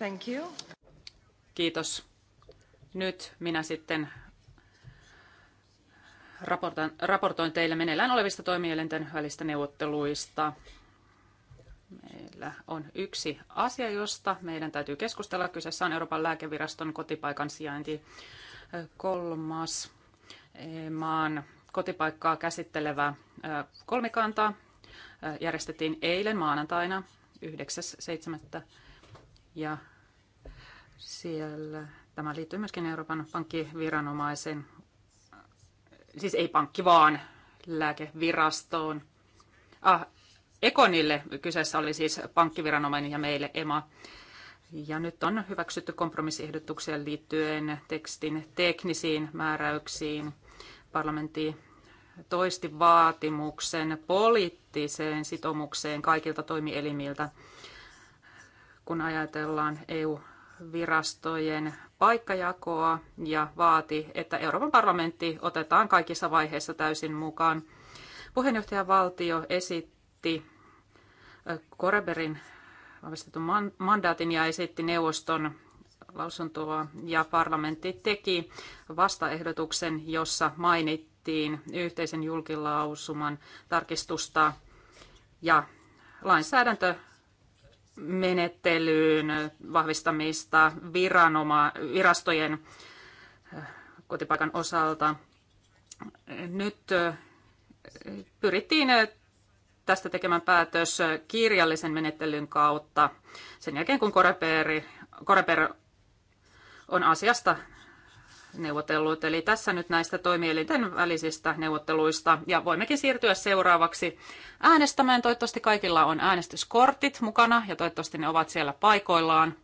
Thank you. Kiitos. Nyt minä sitten raportan, raportoin teille meneillään olevista toimielinten välistä neuvotteluista. Meillä on yksi asia, josta meidän täytyy keskustella. Kyseessä on Euroopan lääkeviraston kotipaikan sijainti kolmas e, maan kotipaikkaa käsittelevä kolmikanta järjestettiin eilen maanantaina ja siellä tämä liittyy myöskin Euroopan pankkiviranomaisen, siis ei pankki vaan lääkevirastoon. Ah, Ekonille kyseessä oli siis pankkiviranomainen ja meille EMA. Ja nyt on hyväksytty kompromissiehdotuksia liittyen tekstin teknisiin määräyksiin. Parlamentti toisti vaatimuksen poliittiseen sitoumukseen kaikilta toimielimiltä kun ajatellaan EU-virastojen paikkajakoa ja vaati, että Euroopan parlamentti otetaan kaikissa vaiheissa täysin mukaan. Puheenjohtajavaltio esitti Koreberin vahvistetun mandaatin ja esitti neuvoston lausuntoa ja parlamentti teki vastaehdotuksen, jossa mainittiin yhteisen julkilausuman tarkistusta ja lainsäädäntö menettelyyn vahvistamista viranoma, virastojen äh, kotipaikan osalta. Nyt äh, pyrittiin äh, tästä tekemään päätös kirjallisen menettelyn kautta sen jälkeen, kun Koreper, on asiasta neuvotellut. Eli tässä nyt näistä toimielinten välisistä neuvotteluista. Ja voimmekin siirtyä seuraavaksi äänestämään. Toivottavasti kaikilla on äänestyskortit mukana ja toivottavasti ne ovat siellä paikoillaan.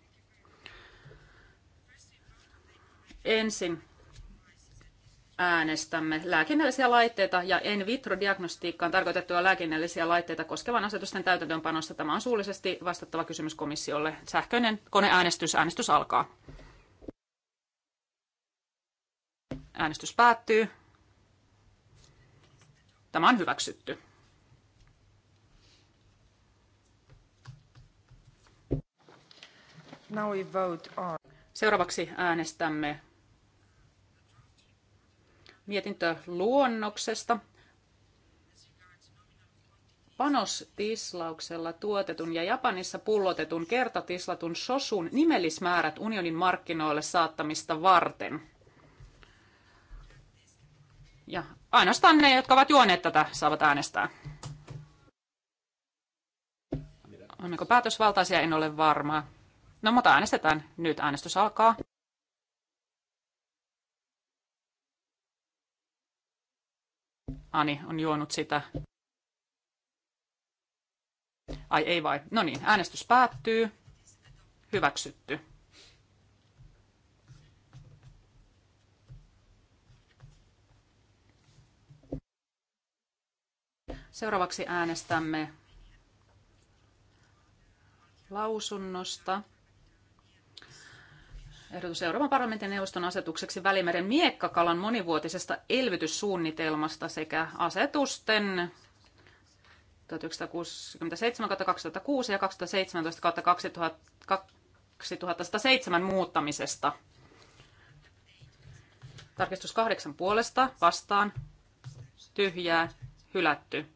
Ensin äänestämme lääkinnällisiä laitteita ja in vitro-diagnostiikkaan tarkoitettuja lääkinnällisiä laitteita koskevan asetusten täytäntöönpanosta. Tämä on suullisesti vastattava kysymys komissiolle. Sähköinen koneäänestys. Äänestys alkaa. Äänestys päättyy. Tämä on hyväksytty. Now we vote on. Seuraavaksi äänestämme mietintö luonnoksesta. Panostislauksella tuotetun ja Japanissa pullotetun kertatislatun sosun nimellismäärät unionin markkinoille saattamista varten. Ja ainoastaan ne, jotka ovat juoneet tätä, saavat äänestää. Onko päätösvaltaisia? En ole varma. No, mutta äänestetään. Nyt äänestys alkaa. Ani on juonut sitä. Ai ei vai. No niin, äänestys päättyy. Hyväksytty. Seuraavaksi äänestämme lausunnosta. Ehdotus Euroopan parlamentin neuvoston asetukseksi Välimeren miekkakalan monivuotisesta elvytyssuunnitelmasta sekä asetusten 1967-2006 ja 2017-2007 muuttamisesta. Tarkistus kahdeksan puolesta vastaan tyhjää hylätty.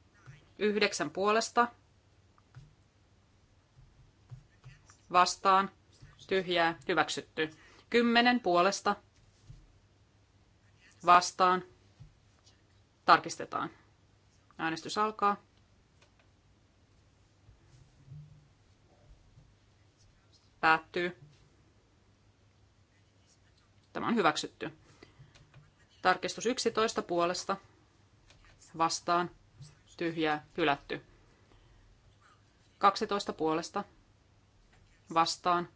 Yhdeksän puolesta. Vastaan. Tyhjää. Hyväksytty. Kymmenen puolesta. Vastaan. Tarkistetaan. Äänestys alkaa. Päättyy. Tämä on hyväksytty. Tarkistus 11 puolesta. Vastaan tyhjää, hylätty. 12 puolesta, vastaan,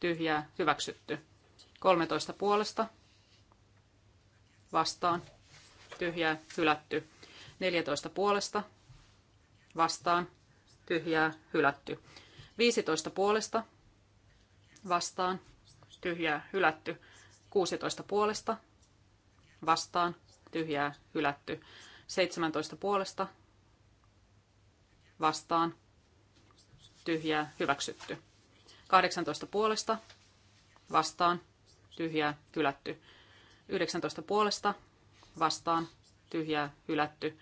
tyhjää, hyväksytty. 13 puolesta, vastaan, tyhjää, hylätty. 14 puolesta, vastaan, tyhjää, hylätty. 15 puolesta, vastaan, tyhjää, hylätty. 16 puolesta, vastaan, tyhjää, hylätty. 17 puolesta vastaan tyhjää hyväksytty. 18 puolesta vastaan tyhjää hylätty. 19 puolesta vastaan tyhjää hylätty.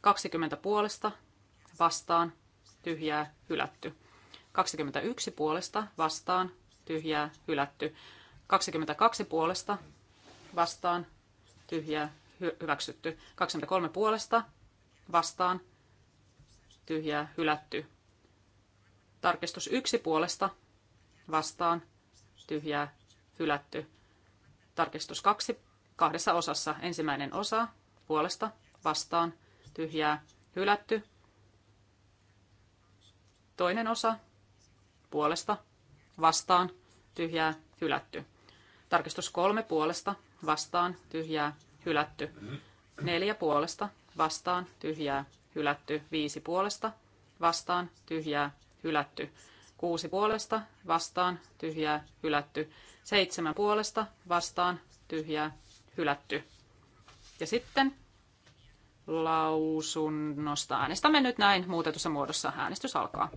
20 puolesta vastaan tyhjää hylätty. 21 puolesta vastaan tyhjää hylätty. 22 puolesta vastaan tyhjää hyväksytty. 23 puolesta vastaan tyhjää hylätty. Tarkistus 1 puolesta vastaan tyhjää hylätty. Tarkistus 2 kahdessa osassa. Ensimmäinen osa puolesta vastaan tyhjää hylätty. Toinen osa puolesta vastaan tyhjää hylätty. Tarkistus kolme puolesta vastaan tyhjää hylätty. Neljä puolesta, vastaan, tyhjää, hylätty. Viisi puolesta, vastaan, tyhjää, hylätty. Kuusi puolesta, vastaan, tyhjää, hylätty. Seitsemän puolesta, vastaan, tyhjää, hylätty. Ja sitten lausunnosta äänestämme nyt näin muutetussa muodossa. Äänestys alkaa.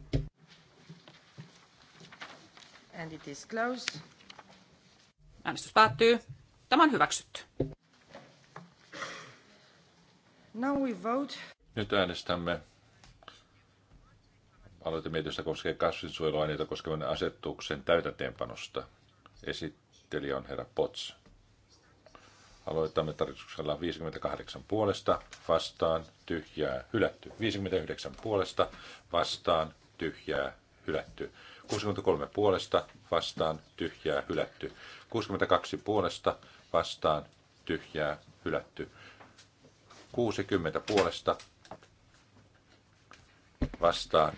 And it is close. Äänestys päättyy. Tämä on hyväksytty. Now we vote. Nyt äänestämme aloitemietintöstä koskee kasvinsuojeluaineita koskevan asetuksen täytäntöönpanosta. Esittelijä on herra Pots. Aloitamme tarkistuksella 58 puolesta, vastaan, tyhjää, hylätty. 59 puolesta, vastaan, tyhjää, hylätty. 63 puolesta, vastaan, tyhjää, hylätty. 62 puolesta, vastaan, tyhjää, hylätty. 60 puolesta vastaan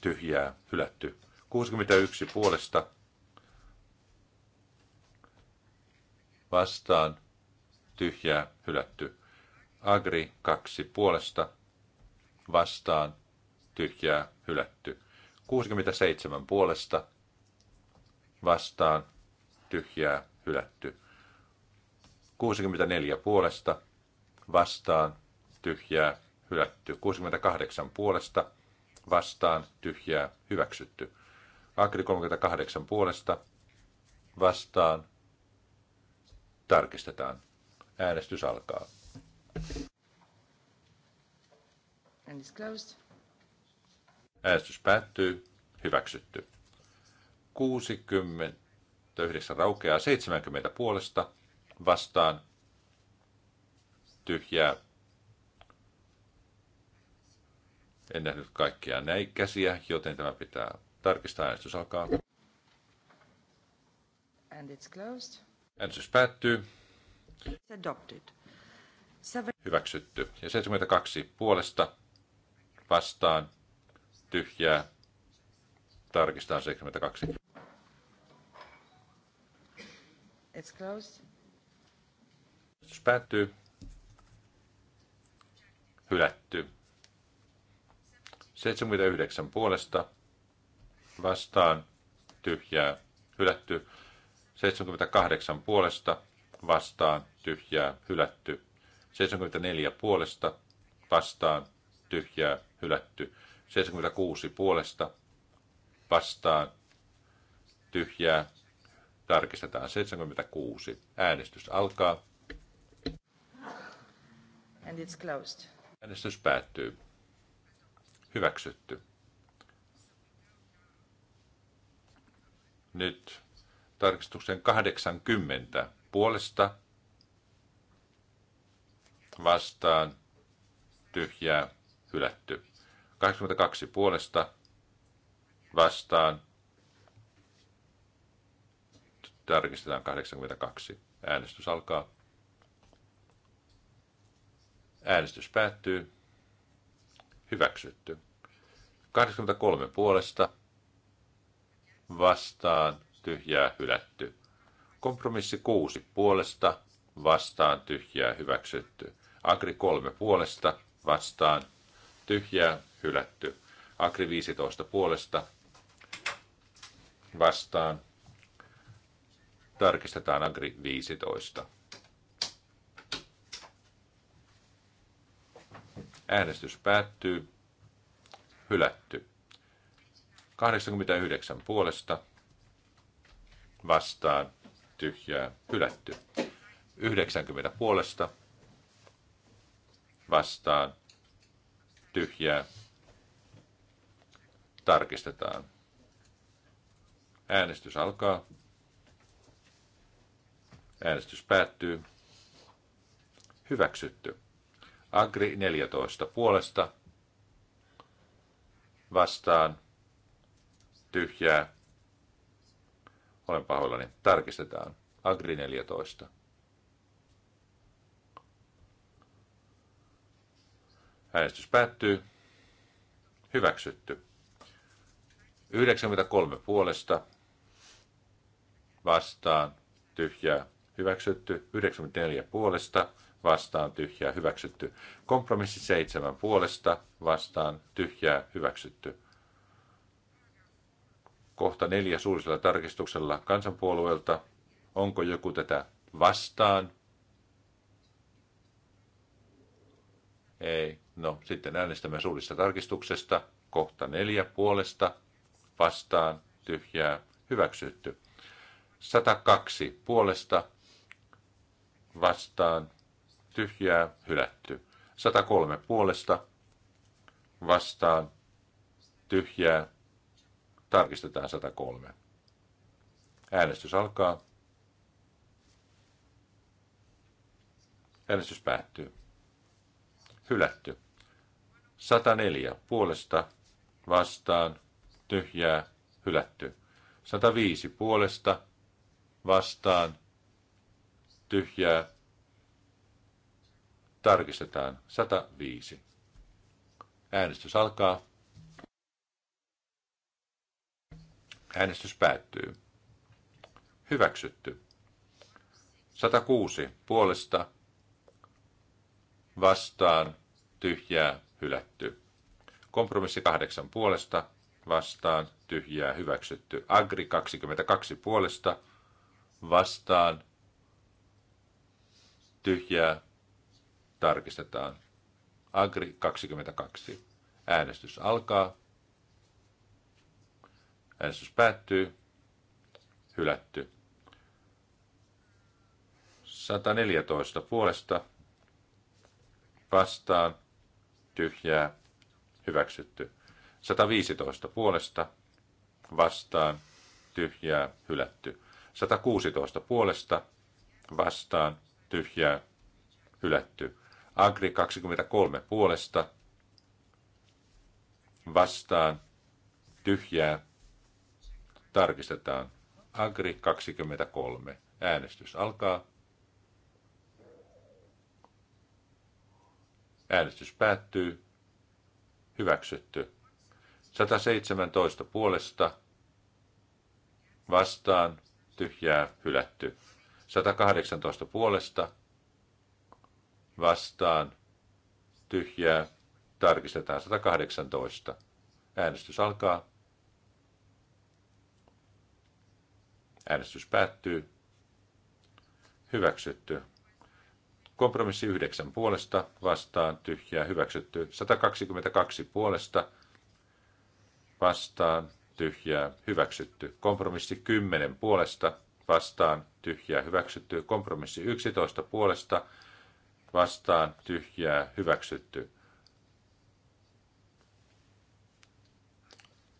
tyhjää hylätty. 61 puolesta vastaan tyhjää hylätty. Agri 2 puolesta vastaan tyhjää hylätty. 67 puolesta vastaan tyhjää hylätty. 64 puolesta vastaan, vastaan, tyhjää, hylätty. 68 puolesta, vastaan, tyhjää, hyväksytty. Akri 38 puolesta, vastaan, tarkistetaan. Äänestys alkaa. And it's closed. Äänestys päättyy. Hyväksytty. 69 raukeaa 70 puolesta vastaan tyhjää. En nähnyt kaikkia näikäsiä, joten tämä pitää tarkistaa. Äänestys alkaa. And it's closed. Äänestys päättyy. It's adopted. Seven... Hyväksytty. Ja 72 puolesta vastaan tyhjää. Tarkistaan 72. It's closed. Äänestys päättyy hylätty. 79 puolesta vastaan tyhjää hylätty. 78 puolesta vastaan tyhjää hylätty. 74 puolesta vastaan tyhjää hylätty. 76 puolesta vastaan tyhjää tarkistetaan 76. Äänestys alkaa. And it's closed. Äänestys päättyy. Hyväksytty. Nyt tarkistuksen 80 puolesta vastaan tyhjää hylätty. 82 puolesta vastaan tarkistetaan 82. Äänestys alkaa. Äänestys päättyy. Hyväksytty. 83 puolesta vastaan tyhjää hylätty. Kompromissi 6 puolesta vastaan tyhjää hyväksytty. Agri 3 puolesta vastaan tyhjää hylätty. Agri 15 puolesta vastaan. Tarkistetaan Agri 15. Äänestys päättyy. Hylätty. 89 puolesta. Vastaan. Tyhjää. Hylätty. 90 puolesta. Vastaan. Tyhjää. Tarkistetaan. Äänestys alkaa. Äänestys päättyy. Hyväksytty. Agri 14 puolesta vastaan tyhjää. Olen pahoillani. Tarkistetaan. Agri 14. Äänestys päättyy. Hyväksytty. 93 puolesta vastaan tyhjää. Hyväksytty. 94 puolesta vastaan tyhjää hyväksytty. Kompromissi seitsemän puolesta vastaan tyhjää hyväksytty. Kohta neljä suullisella tarkistuksella kansanpuolueelta. Onko joku tätä vastaan? Ei. No, sitten äänestämme suullisesta tarkistuksesta. Kohta neljä puolesta vastaan tyhjää hyväksytty. 102 puolesta vastaan tyhjää, hylätty. 103 puolesta, vastaan, tyhjää, tarkistetaan 103. Äänestys alkaa. Äänestys päättyy. Hylätty. 104 puolesta, vastaan, tyhjää, hylätty. 105 puolesta, vastaan, tyhjää, Tarkistetaan. 105. Äänestys alkaa. Äänestys päättyy. Hyväksytty. 106 puolesta vastaan tyhjää hylätty. Kompromissi 8 puolesta vastaan tyhjää hyväksytty. Agri 22 puolesta vastaan tyhjää tarkistetaan. Agri 22. Äänestys alkaa. Äänestys päättyy. Hylätty. 114 puolesta vastaan tyhjää hyväksytty. 115 puolesta vastaan tyhjää hylätty. 116 puolesta vastaan tyhjää hylätty. Agri 23 puolesta vastaan tyhjää tarkistetaan. Agri 23. Äänestys alkaa. Äänestys päättyy. Hyväksytty. 117 puolesta vastaan tyhjää hylätty. 118 puolesta vastaan, tyhjää, tarkistetaan 118. Äänestys alkaa. Äänestys päättyy. Hyväksytty. Kompromissi 9 puolesta, vastaan, tyhjää, hyväksytty. 122 puolesta, vastaan, tyhjää, hyväksytty. Kompromissi 10 puolesta, vastaan, tyhjää, hyväksytty. Kompromissi 11 puolesta, vastaan tyhjää hyväksytty.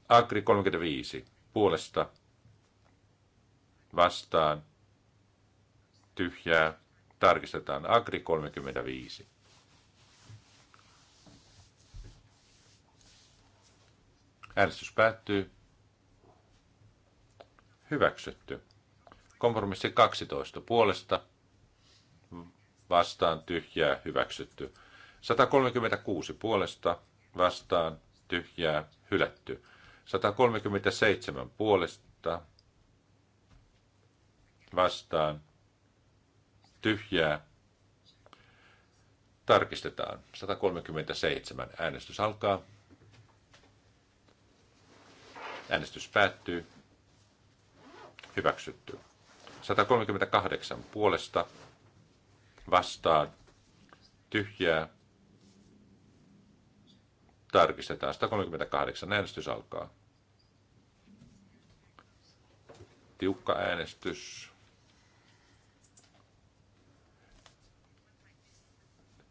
Agri 35 puolesta vastaan tyhjää tarkistetaan Agri 35. Äänestys päättyy. Hyväksytty. Kompromissi 12 puolesta vastaan tyhjää hyväksytty. 136 puolesta vastaan tyhjää hylätty. 137 puolesta vastaan tyhjää tarkistetaan. 137 äänestys alkaa. Äänestys päättyy. Hyväksytty. 138 puolesta vastaa tyhjää. Tarkistetaan 138. Äänestys alkaa. Tiukka äänestys.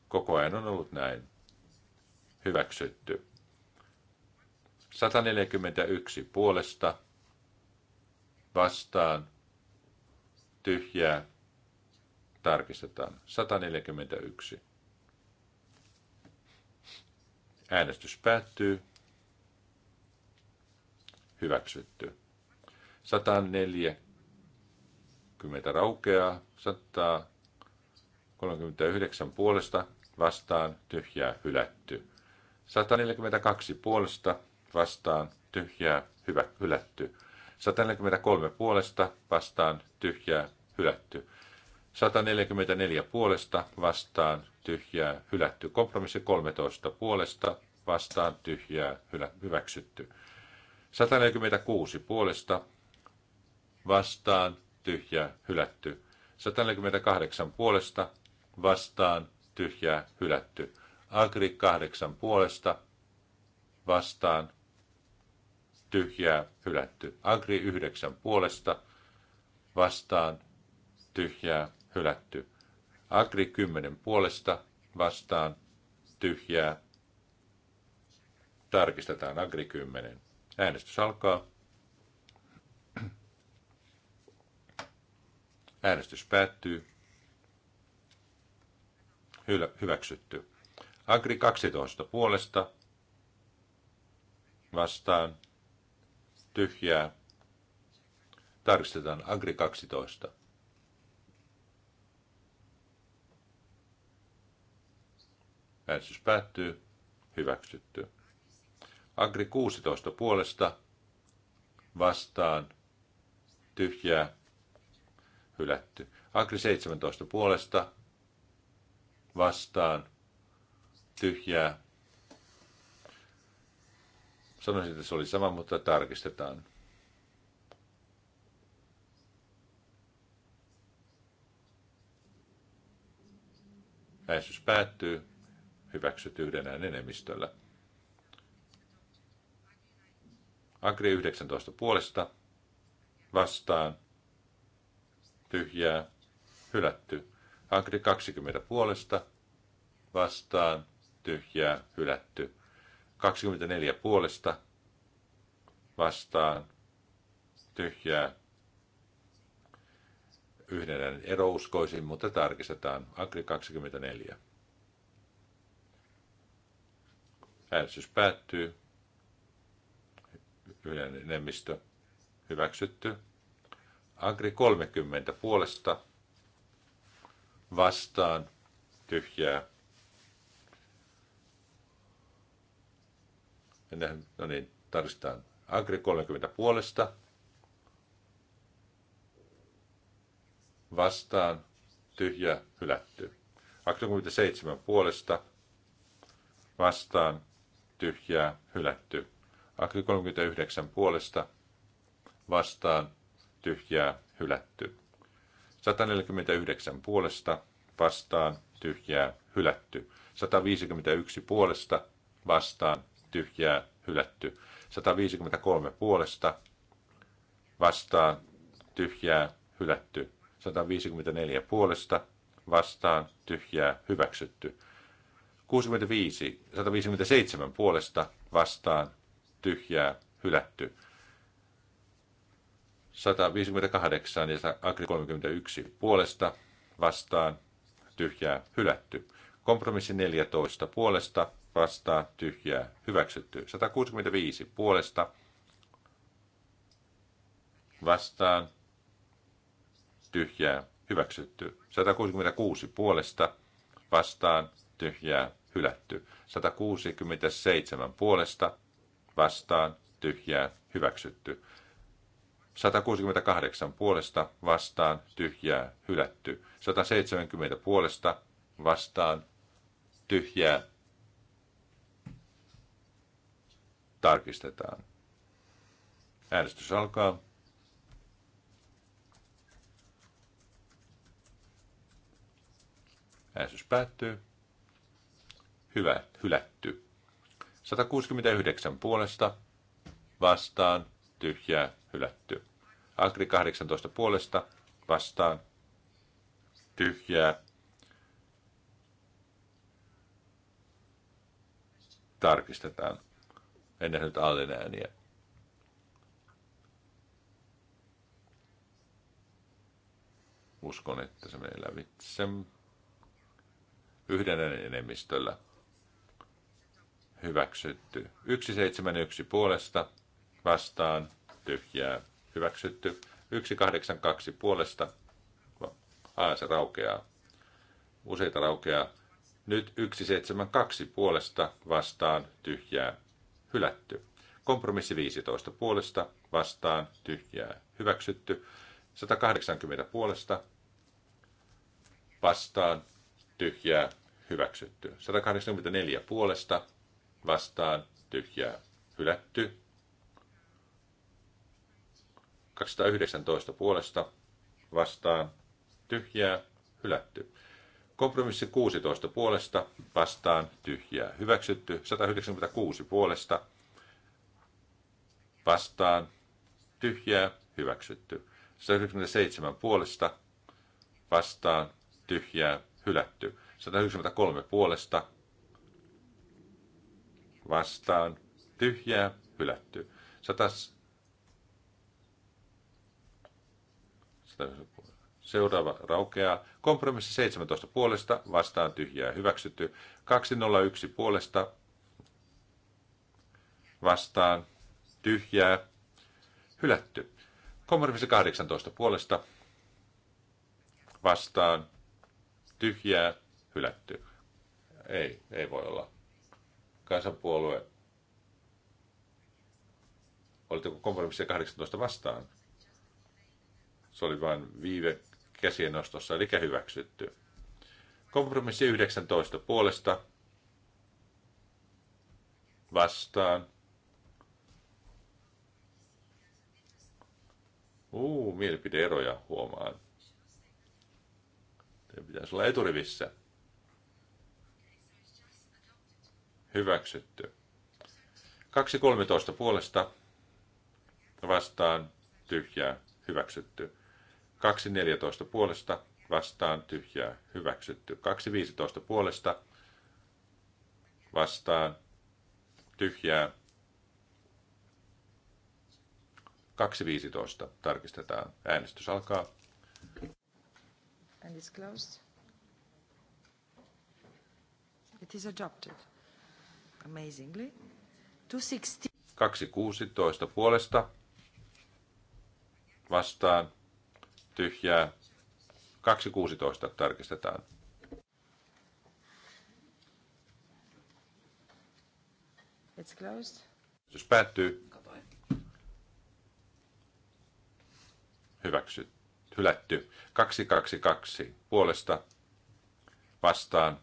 Koko ajan on ollut näin. Hyväksytty. 141 puolesta vastaan tyhjää tarkistetaan. 141. Äänestys päättyy. Hyväksytty. 140 raukeaa. 139 puolesta vastaan tyhjää hylätty. 142 puolesta vastaan tyhjää hyvä hylätty. 143 puolesta vastaan tyhjää hylätty. 144 puolesta vastaan tyhjää hylätty. Kompromissi 13 puolesta vastaan tyhjää hyväksytty. 146 puolesta vastaan tyhjää hylätty. 148 puolesta vastaan tyhjää hylätty. Agri 8 puolesta vastaan tyhjää hylätty. Agri 9 puolesta vastaan tyhjää hylätty. Agri 10 puolesta vastaan tyhjää. Tarkistetaan Agri 10. Äänestys alkaa. Äänestys päättyy. Hylä, hyväksytty. Agri 12 puolesta vastaan tyhjää. Tarkistetaan Agri 12. Äänestys päättyy. Hyväksytty. Agri 16 puolesta. Vastaan. Tyhjää. Hylätty. Agri 17 puolesta. Vastaan. Tyhjää. Sanoisin, että se oli sama, mutta tarkistetaan. Äänestys päättyy hyväksytty yhdenään enemmistöllä. Agri 19 puolesta vastaan tyhjää hylätty. Agri 20 puolesta vastaan tyhjää hylätty. 24 puolesta vastaan tyhjää yhden erouskoisin, mutta tarkistetaan. Agri 24. Äänestys päättyy. Yleinen enemmistö hyväksytty. Agri 30 puolesta vastaan tyhjää. Mennään, no niin, tarvitaan Agri 30 puolesta vastaan tyhjä hylätty. Agri 37 puolesta vastaan tyhjää, hylätty. Agri 39 puolesta vastaan, tyhjää, hylätty. 149 puolesta vastaan, tyhjää, hylätty. 151 puolesta vastaan, tyhjää, hylätty. 153 puolesta vastaan, tyhjää, hylätty. 154 puolesta vastaan, tyhjää, hyväksytty. 65, 157 puolesta vastaan tyhjää hylätty. 158 ja Agri 31 puolesta vastaan tyhjää hylätty. Kompromissi 14 puolesta vastaan tyhjää hyväksytty. 165 puolesta vastaan tyhjää hyväksytty. 166 puolesta vastaan tyhjää hylätty. 167 puolesta vastaan tyhjää hyväksytty. 168 puolesta vastaan tyhjää hylätty. 170 puolesta vastaan tyhjää tarkistetaan. Äänestys alkaa. Äänestys päättyy hyvä, hylätty. 169 puolesta vastaan tyhjää hylätty. Agri 18 puolesta vastaan tyhjää tarkistetaan. En nähnyt Allin ääniä. Uskon, että se menee lävitse yhden enemmistöllä hyväksytty. 171 puolesta vastaan tyhjää hyväksytty. 182 puolesta A se raukeaa. Useita raukeaa. Nyt 172 puolesta vastaan tyhjää hylätty. Kompromissi 15 puolesta vastaan tyhjää hyväksytty. 180 puolesta vastaan tyhjää hyväksytty. 184 puolesta vastaan tyhjää hylätty. 219 puolesta vastaan tyhjää hylätty. Kompromissi 16 puolesta vastaan tyhjää hyväksytty. 196 puolesta vastaan tyhjää hyväksytty. 197 puolesta vastaan tyhjää hylätty. 193 puolesta vastaan, tyhjää, hylätty. Satas... Seuraava raukeaa. Kompromissi 17 puolesta, vastaan tyhjää hyväksytty. 201 puolesta, vastaan tyhjää hylätty. Kompromissi 18 puolesta, vastaan tyhjää hylätty. Ei, ei voi olla kansanpuolue, oliko kompromissia 18 vastaan? Se oli vain viive käsien nostossa, eli hyväksytty. Kompromissi 19 puolesta vastaan. Uu, mielipideeroja huomaan. Teidän pitäisi olla eturivissä. Hyväksytty. 2.13 puolesta vastaan tyhjää hyväksytty. 2.14 puolesta vastaan tyhjää hyväksytty. 2.15 puolesta vastaan tyhjää 2.15 tarkistetaan. Äänestys alkaa. And it's closed. It is adopted amazingly. 2.16 puolesta vastaan tyhjää. 2.16 tarkistetaan. It's closed. Jos päättyy. Hyväksyt. Hylätty. 222 puolesta vastaan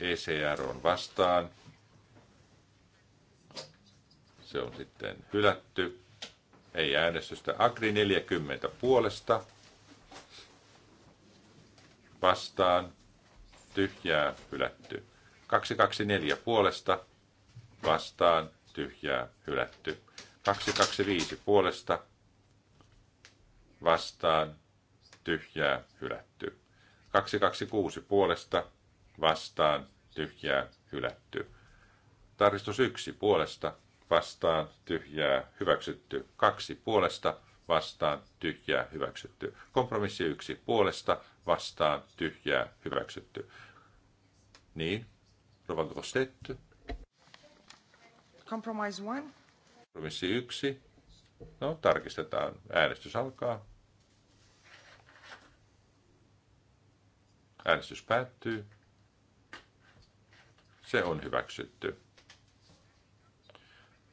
ECR on vastaan. Se on sitten hylätty. Ei äänestystä. Agri 40 puolesta. Vastaan. Tyhjää hylätty. 224 puolesta. Vastaan. Tyhjää hylätty. 225 puolesta. Vastaan. Tyhjää hylätty. 226 puolesta vastaan, tyhjää, hylätty. Tarkistus yksi puolesta, vastaan, tyhjää, hyväksytty. Kaksi puolesta, vastaan, tyhjää, hyväksytty. Kompromissi yksi puolesta, vastaan, tyhjää, hyväksytty. Niin, Rovaldo Rostetty. Compromise Kompromissi yksi. No, tarkistetaan. Äänestys alkaa. Äänestys päättyy. Se on hyväksytty.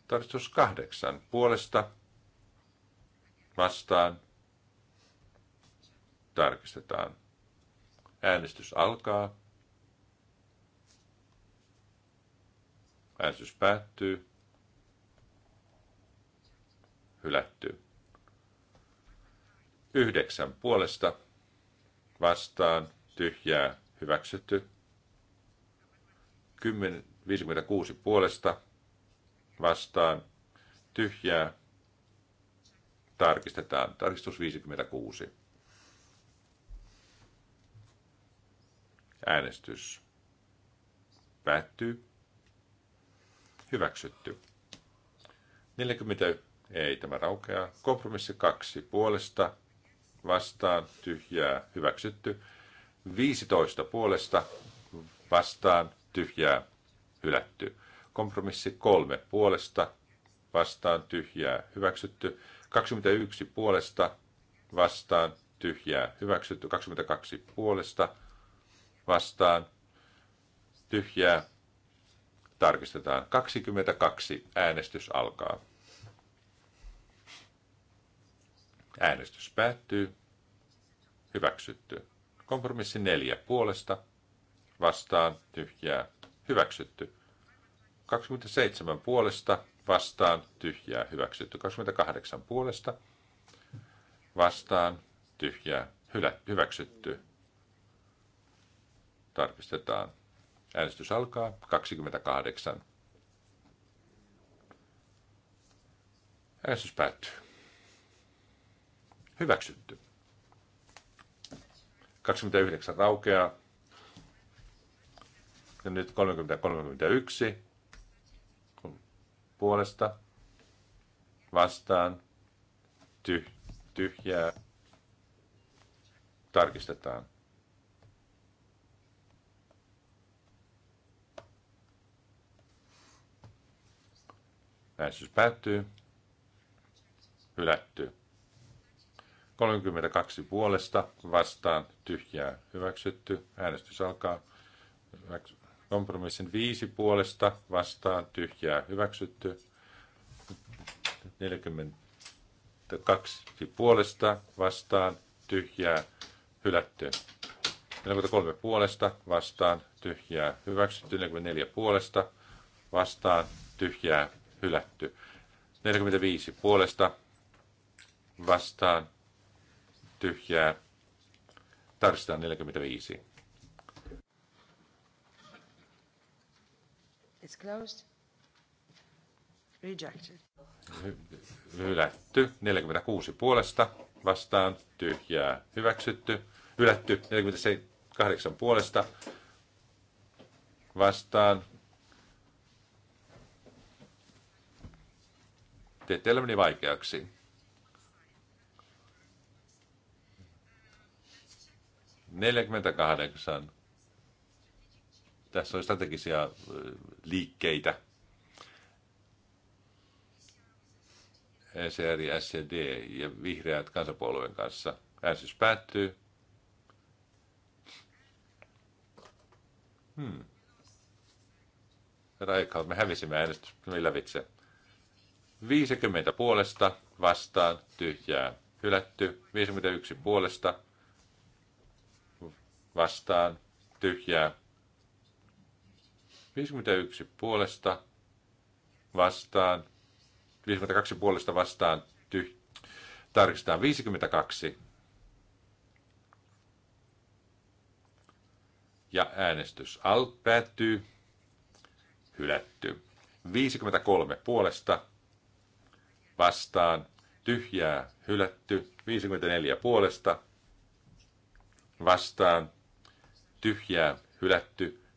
Tarkistus kahdeksan. Puolesta vastaan tarkistetaan. Äänestys alkaa. Äänestys päättyy. Hylätty. Yhdeksän puolesta vastaan tyhjää hyväksytty. 10, 56 puolesta vastaan tyhjää tarkistetaan. Tarkistus 56. Äänestys päättyy. Hyväksytty. 40 ei tämä raukeaa. Kompromissi 2 puolesta vastaan tyhjää hyväksytty. 15 puolesta vastaan tyhjää, hylätty. Kompromissi kolme puolesta, vastaan tyhjää, hyväksytty. 21 puolesta, vastaan tyhjää, hyväksytty. 22 puolesta, vastaan tyhjää, tarkistetaan. 22 äänestys alkaa. Äänestys päättyy. Hyväksytty. Kompromissi neljä puolesta vastaan tyhjää hyväksytty. 27 puolesta vastaan tyhjää hyväksytty. 28 puolesta vastaan tyhjää hyväksytty. Tarkistetaan. Äänestys alkaa 28. Äänestys päättyy. Hyväksytty. 29 raukeaa. Ja nyt 30-31 puolesta vastaan tyh, tyhjää tarkistetaan. Äänestys päättyy. Hylätty. 32 puolesta vastaan tyhjää hyväksytty. Äänestys alkaa. Kompromissin viisi puolesta vastaan tyhjää hyväksytty. 42 puolesta vastaan tyhjää hylätty. 43 puolesta vastaan tyhjää hyväksytty. 44 puolesta vastaan tyhjää hylätty. 45 puolesta vastaan tyhjää. tarvitaan 45. It's closed. Rejected. Hylätty. 46 puolesta vastaan. Tyhjää. Hyväksytty. Hylätty. 48 puolesta vastaan. Teette elämäni vaikeaksi. kahdeksan. Tässä on strategisia liikkeitä. ECR ja SCD ja vihreät kansapuolueen kanssa. Äänestys päättyy. Hmm. Raikka, me hävisimme äänestys vitse? 50 puolesta, vastaan, tyhjää, hylätty. 51 puolesta, vastaan, tyhjää, 51 puolesta vastaan, 52 puolesta vastaan, tyh, tarkistetaan 52. Ja äänestys al päättyy, hylätty. 53 puolesta vastaan, tyhjää, hylätty. 54 puolesta vastaan, tyhjää, hylätty.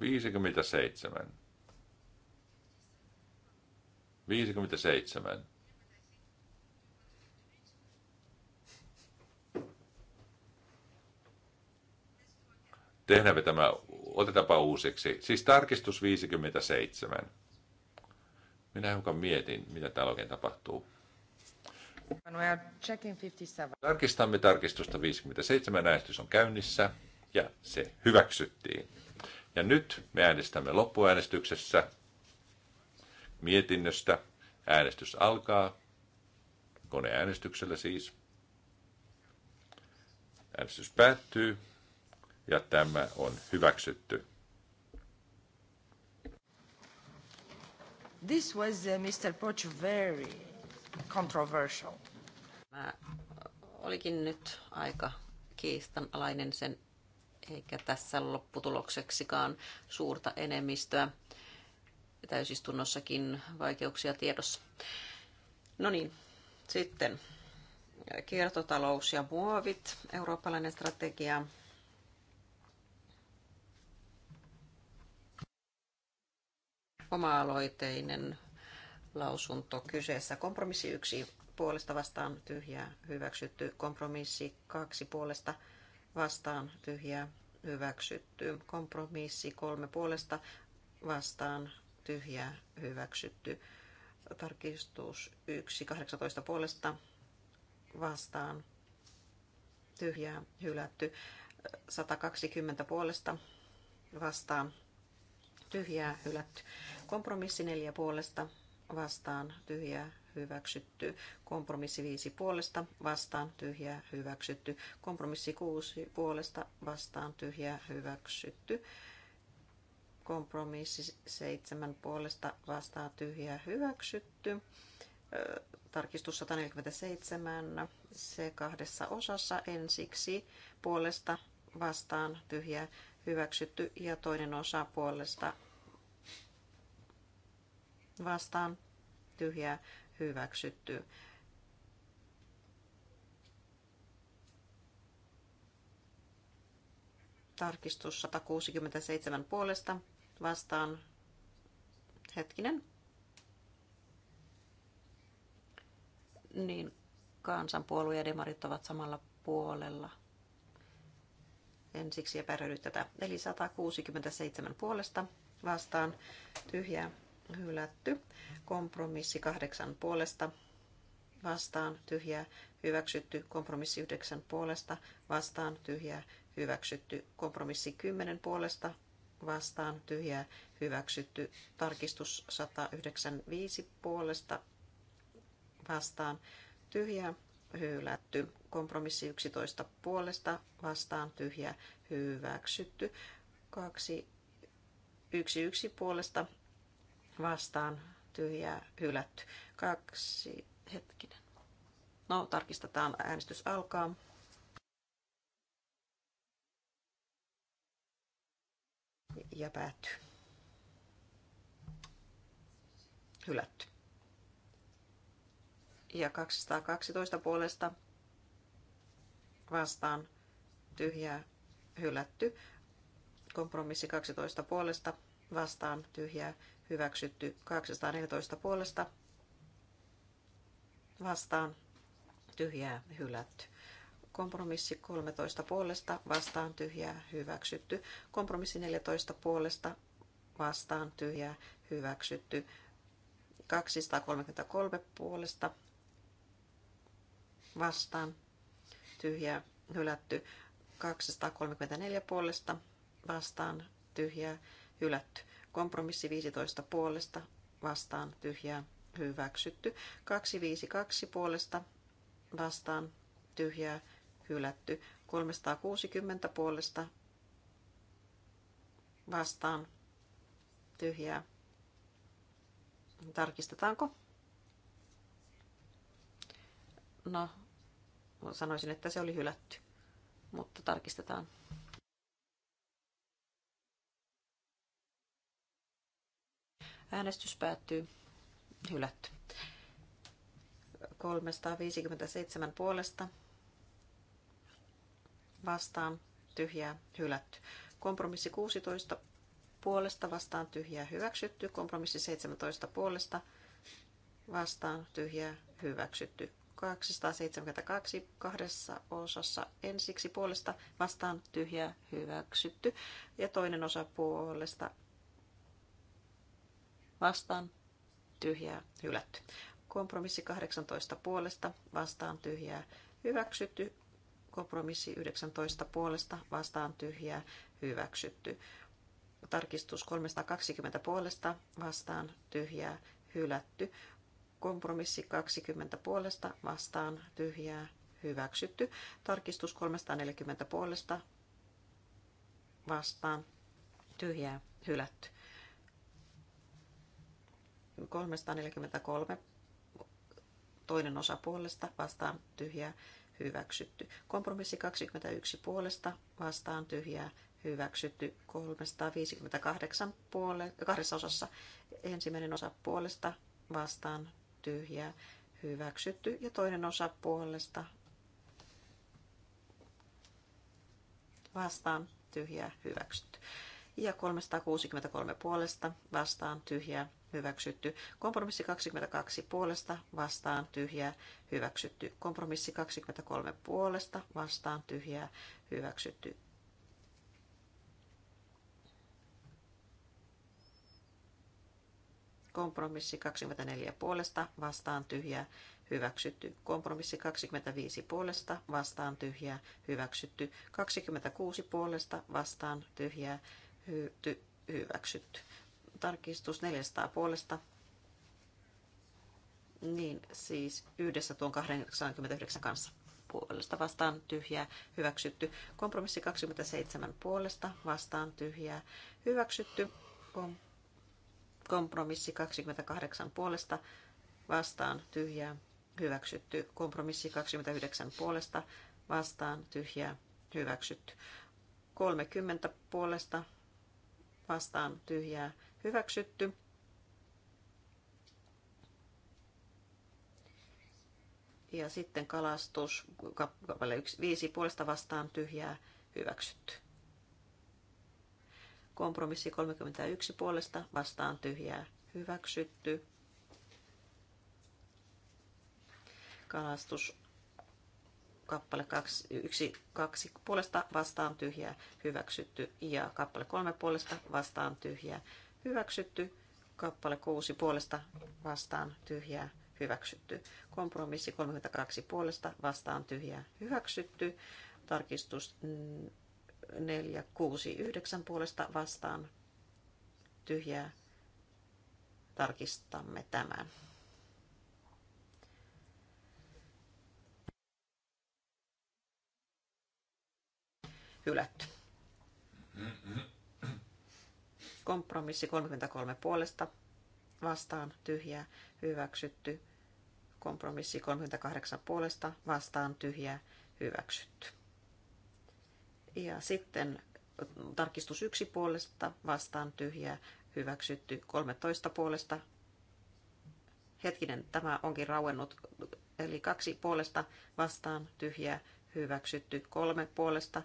57. 57. Tehdäänpä tämä, otetaanpa uusiksi. Siis tarkistus 57. Minä hiukan mietin, mitä täällä oikein tapahtuu. Tarkistamme tarkistusta 57. Äänestys on käynnissä ja se hyväksyttiin. Ja nyt me äänestämme loppuäänestyksessä mietinnöstä. Äänestys alkaa. Koneäänestyksellä siis. Äänestys päättyy ja tämä on hyväksytty. This was uh, Mr. Poch very controversial. Mä olikin nyt aika kiistanalainen sen eikä tässä lopputulokseksikaan suurta enemmistöä. Täysistunnossakin vaikeuksia tiedossa. No niin, sitten kiertotalous ja muovit, eurooppalainen strategia. Oma-aloiteinen lausunto kyseessä. Kompromissi yksi puolesta vastaan tyhjää hyväksytty. Kompromissi kaksi puolesta vastaan tyhjää hyväksytty. Kompromissi kolme puolesta vastaan tyhjää hyväksytty. Tarkistus 1, 18 puolesta vastaan tyhjää hylätty. 120 puolesta vastaan tyhjää hylätty. Kompromissi neljä puolesta vastaan tyhjää hyväksytty. Kompromissi 5 puolesta vastaan tyhjää hyväksytty. Kompromissi 6 puolesta vastaan tyhjää hyväksytty. Kompromissi 7 puolesta vastaan tyhjää hyväksytty. Tarkistus 147. Se kahdessa osassa ensiksi puolesta vastaan tyhjää hyväksytty ja toinen osa puolesta vastaan tyhjää hyväksytty. Tarkistus 167 puolesta vastaan. Hetkinen. Niin, kansanpuolue ja demarit ovat samalla puolella. Ensiksi epäröidy tätä. Eli 167 puolesta vastaan tyhjää hylätty. Kompromissi kahdeksan puolesta vastaan tyhjää hyväksytty. Kompromissi yhdeksän puolesta vastaan tyhjää hyväksytty. Kompromissi kymmenen puolesta vastaan tyhjää hyväksytty. Tarkistus 195 puolesta vastaan tyhjää hylätty. Kompromissi 11 puolesta vastaan tyhjää hyväksytty. 2 yksi yksi puolesta vastaan tyhjää hylätty. Kaksi, hetkinen. No, tarkistetaan, äänestys alkaa. Ja päättyy. Hylätty. Ja 212 puolesta vastaan tyhjää hylätty. Kompromissi 12 puolesta vastaan tyhjää hyväksytty 214 puolesta vastaan tyhjää hylätty. Kompromissi 13 puolesta vastaan tyhjää hyväksytty. Kompromissi 14 puolesta vastaan tyhjää hyväksytty. 233 puolesta vastaan tyhjää hylätty. 234 puolesta vastaan tyhjää hylätty. Kompromissi 15 puolesta vastaan tyhjää hyväksytty. 252 puolesta vastaan tyhjää hylätty. 360 puolesta vastaan tyhjää. Tarkistetaanko? No, sanoisin, että se oli hylätty, mutta tarkistetaan. Äänestys päättyy. Hylätty. 357 puolesta. Vastaan tyhjää hylätty. Kompromissi 16 puolesta vastaan tyhjää hyväksytty. Kompromissi 17 puolesta vastaan tyhjää hyväksytty. 272 kahdessa osassa ensiksi puolesta vastaan tyhjää hyväksytty ja toinen osa puolesta vastaan tyhjää hylätty. Kompromissi 18 puolesta vastaan tyhjää hyväksytty. Kompromissi 19 puolesta vastaan tyhjää hyväksytty. Tarkistus 320 puolesta vastaan tyhjää hylätty. Kompromissi 20 puolesta vastaan tyhjää hyväksytty. Tarkistus 340 puolesta vastaan tyhjää hylätty. 343 toinen osa puolesta vastaan tyhjää hyväksytty. Kompromissi 21 puolesta vastaan tyhjää hyväksytty 358 puole, kahdessa osassa. Ensimmäinen osa puolesta vastaan tyhjää hyväksytty ja toinen osa puolesta vastaan tyhjää hyväksytty. Ja 363 puolesta vastaan tyhjää hyväksytty. Kompromissi 22 puolesta vastaan tyhjää hyväksytty. Kompromissi 23 puolesta vastaan tyhjää hyväksytty. Kompromissi 24 puolesta vastaan tyhjää hyväksytty. Kompromissi 25 puolesta vastaan tyhjää hyväksytty. 26 puolesta vastaan tyhjää hy- ty- hyväksytty. Tarkistus 400 puolesta. Niin, siis yhdessä tuon 89 kanssa puolesta vastaan tyhjää, hyväksytty. Kompromissi 27 puolesta vastaan tyhjää, hyväksytty. Kom- kompromissi 28 puolesta vastaan tyhjää, hyväksytty. Kompromissi 29 puolesta vastaan tyhjää, hyväksytty. 30 puolesta vastaan tyhjää, hyväksytty. Ja sitten kalastus, kappale 5 puolesta vastaan tyhjää hyväksytty. Kompromissi 31 puolesta vastaan tyhjää hyväksytty. Kalastus kappale 1, 2 puolesta vastaan tyhjää hyväksytty ja kappale 3 puolesta vastaan tyhjää hyväksytty. Kappale 6 puolesta vastaan tyhjää hyväksytty. Kompromissi 32 puolesta vastaan tyhjää hyväksytty. Tarkistus 4, 6, 9 puolesta vastaan tyhjää. Tarkistamme tämän. Hylätty. Mm-hmm. Kompromissi 33 puolesta vastaan tyhjää hyväksytty. Kompromissi 38 puolesta vastaan tyhjää hyväksytty. Ja sitten tarkistus 1 puolesta vastaan tyhjää hyväksytty. 13 puolesta hetkinen, tämä onkin rauennut. Eli kaksi puolesta vastaan tyhjää hyväksytty. Kolme puolesta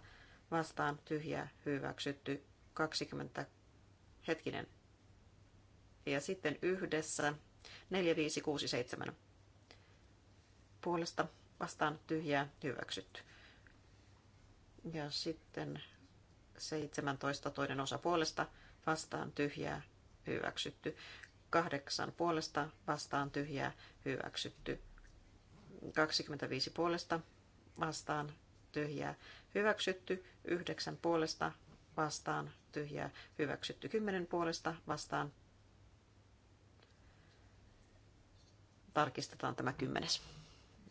vastaan tyhjää hyväksytty. 20 Hetkinen. Ja sitten yhdessä 4, 5, 6, 7. Puolesta vastaan tyhjää hyväksytty. Ja sitten 17 toinen osa puolesta vastaan tyhjää hyväksytty. 8 puolesta vastaan tyhjää hyväksytty. 25 puolesta vastaan tyhjää hyväksytty. 9 puolesta vastaan tyhjää hyväksytty. 10 puolesta vastaan tarkistetaan tämä kymmenes.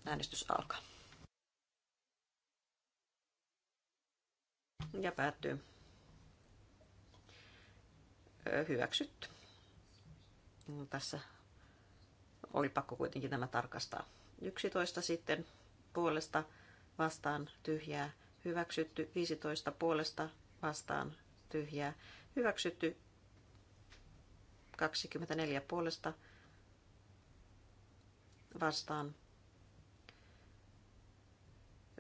Äänestys alkaa. Ja päättyy. Hyväksytty. No, tässä oli pakko kuitenkin tämä tarkastaa. 11 sitten puolesta vastaan tyhjää hyväksytty. 15 puolesta vastaan tyhjää hyväksytty. 24 puolesta vastaan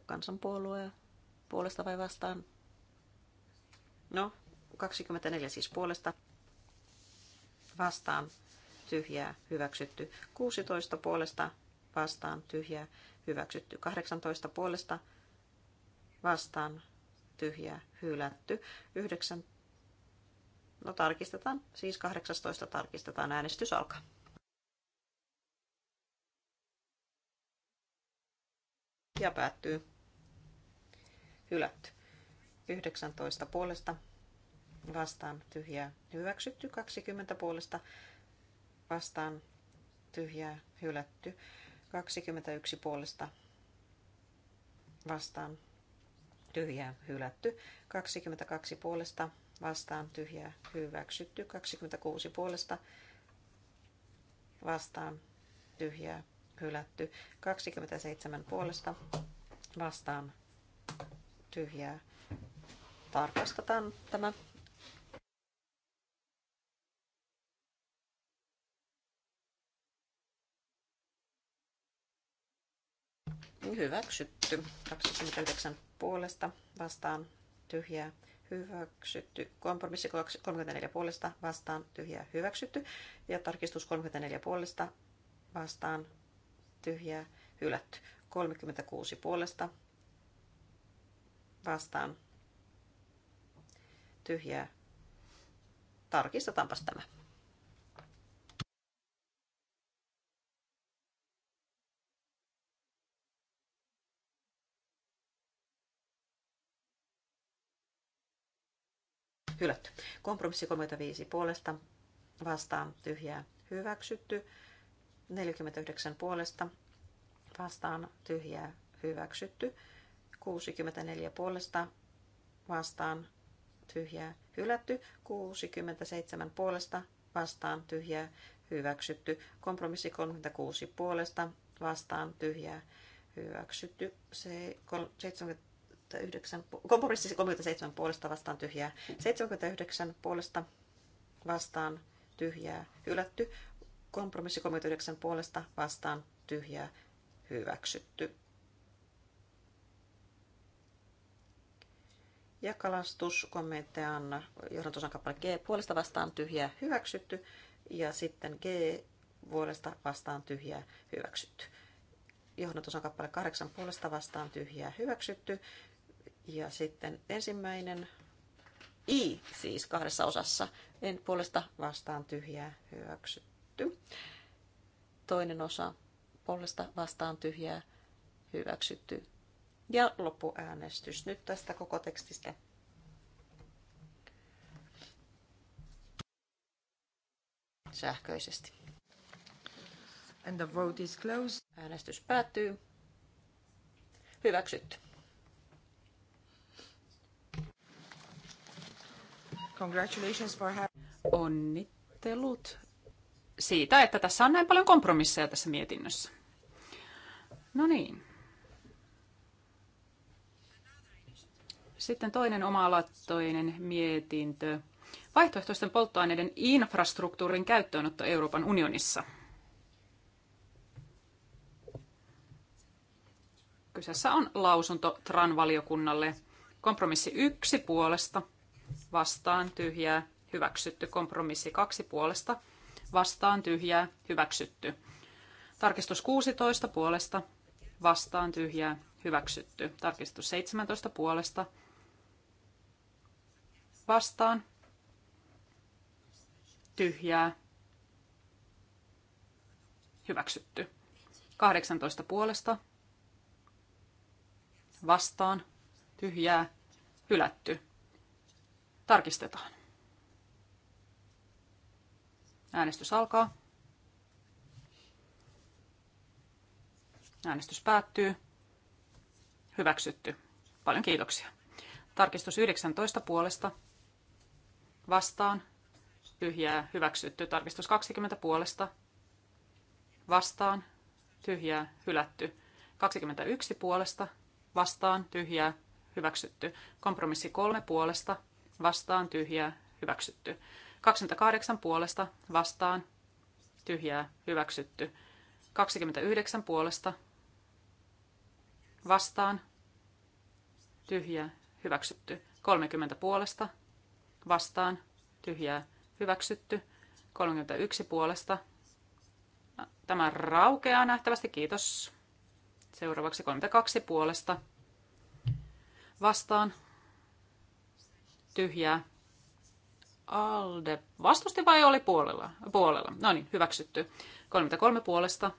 kansanpuolue puolesta vai vastaan? No, 24 siis puolesta vastaan tyhjää hyväksytty. 16 puolesta vastaan tyhjää hyväksytty. 18 puolesta vastaan tyhjää hylätty. 9. No tarkistetaan, siis 18 tarkistetaan, äänestys alkaa. Ja päättyy. Hylätty. 19 puolesta vastaan tyhjää hyväksytty, 20 puolesta vastaan tyhjää hylätty, 21 puolesta vastaan tyhjää hylätty. 22 puolesta vastaan tyhjää hyväksytty. 26 puolesta vastaan tyhjää hylätty. 27 puolesta vastaan tyhjää. Tarkastetaan tämä Hyväksytty. 29 puolesta vastaan tyhjää hyväksytty. Kompromissi 34 puolesta vastaan tyhjää hyväksytty. Ja tarkistus 34 puolesta vastaan tyhjää hylätty. 36 puolesta vastaan tyhjää. Tarkistetaanpas tämä. hylätty. Kompromissi 35 puolesta vastaan tyhjää hyväksytty. 49 puolesta vastaan tyhjää hyväksytty. 64 puolesta vastaan tyhjää hylätty. 67 puolesta vastaan tyhjää hyväksytty. Kompromissi 36 puolesta vastaan tyhjää hyväksytty. Se 70 79, kompromissi 37 puolesta vastaan tyhjää, 79 puolesta vastaan tyhjää, hylätty. Kompromissi 39 puolesta vastaan tyhjää, hyväksytty. Ja kalastuskomitean johdantosan kappale G puolesta vastaan tyhjää hyväksytty ja sitten G puolesta vastaan tyhjää hyväksytty johdantosan kappale 8 puolesta vastaan tyhjää hyväksytty, ja sitten ensimmäinen I, siis kahdessa osassa, en puolesta vastaan tyhjää hyväksytty. Toinen osa puolesta vastaan tyhjää hyväksytty. Ja loppuäänestys nyt tästä koko tekstistä. Sähköisesti. And the vote is closed. Äänestys päättyy. Hyväksytty. Congratulations for Onnittelut siitä, että tässä on näin paljon kompromisseja tässä mietinnössä. No niin. Sitten toinen oma-aloittoinen mietintö. Vaihtoehtoisten polttoaineiden infrastruktuurin käyttöönotto Euroopan unionissa. Kyseessä on lausunto TRAN-valiokunnalle. Kompromissi yksi puolesta vastaan tyhjää, hyväksytty. Kompromissi kaksi puolesta vastaan tyhjää, hyväksytty. Tarkistus 16 puolesta vastaan tyhjää, hyväksytty. Tarkistus 17 puolesta vastaan tyhjää, hyväksytty. 18 puolesta vastaan tyhjää, hylätty. Tarkistetaan. Äänestys alkaa. Äänestys päättyy. Hyväksytty. Paljon kiitoksia. Tarkistus 19 puolesta. Vastaan. Tyhjää. Hyväksytty. Tarkistus 20 puolesta. Vastaan. Tyhjää. Hylätty. 21 puolesta. Vastaan. Tyhjää. Hyväksytty. Kompromissi 3 puolesta vastaan tyhjää hyväksytty. 28 puolesta vastaan tyhjää hyväksytty. 29 puolesta vastaan tyhjää hyväksytty. 30 puolesta vastaan tyhjää hyväksytty. 31 puolesta. Tämä raukeaa nähtävästi, kiitos. Seuraavaksi 32 puolesta. Vastaan tyhjää. Alde vastusti vai oli puolella? Puolella. No niin, hyväksytty. 33 puolesta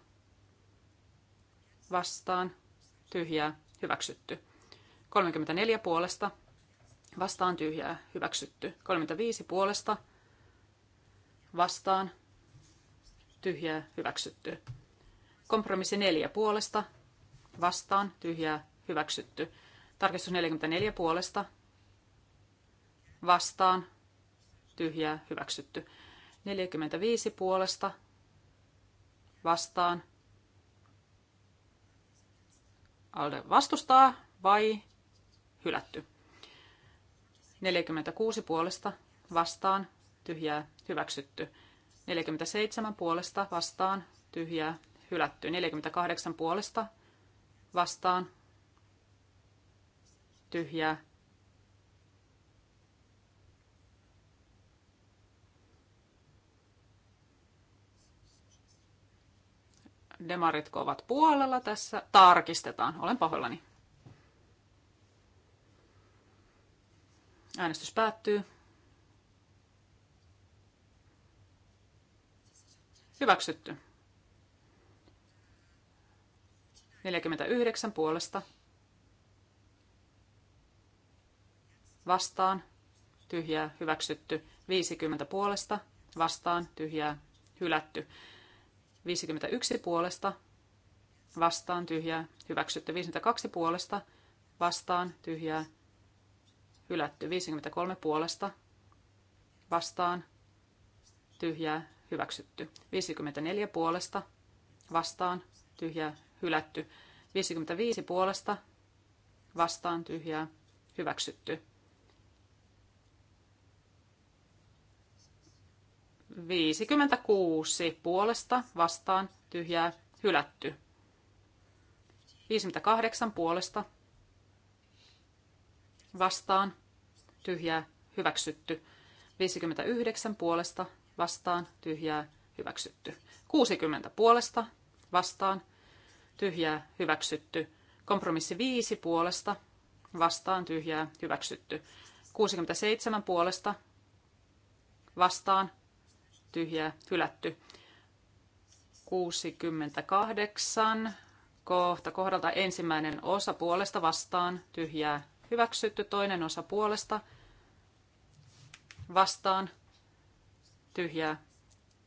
vastaan tyhjää, hyväksytty. 34 puolesta vastaan tyhjää, hyväksytty. 35 puolesta vastaan tyhjää, hyväksytty. Kompromissi 4 puolesta vastaan tyhjää, hyväksytty. Tarkistus 44 puolesta vastaan, tyhjää, hyväksytty. 45 puolesta vastaan. Alde vastustaa vai hylätty. 46 puolesta vastaan, tyhjää, hyväksytty. 47 puolesta vastaan, tyhjää, hylätty. 48 puolesta vastaan, tyhjää, demaritko ovat puolella tässä. Tarkistetaan. Olen pahoillani. Äänestys päättyy. Hyväksytty. 49 puolesta. Vastaan. Tyhjää. Hyväksytty. 50 puolesta. Vastaan. Tyhjää. Hylätty. 51 puolesta vastaan tyhjää, hyväksytty 52 puolesta vastaan tyhjää, hylätty 53 puolesta vastaan tyhjää, hyväksytty 54 puolesta vastaan tyhjää, hylätty 55 puolesta vastaan tyhjää, hyväksytty 56 puolesta vastaan tyhjää hylätty. 58 puolesta vastaan tyhjää hyväksytty. 59 puolesta vastaan tyhjää hyväksytty. 60 puolesta vastaan tyhjää hyväksytty. Kompromissi 5 puolesta vastaan tyhjää hyväksytty. 67 puolesta vastaan tyhjää hylätty. 68 kohta kohdalta ensimmäinen osa puolesta vastaan tyhjää hyväksytty, toinen osa puolesta vastaan tyhjää.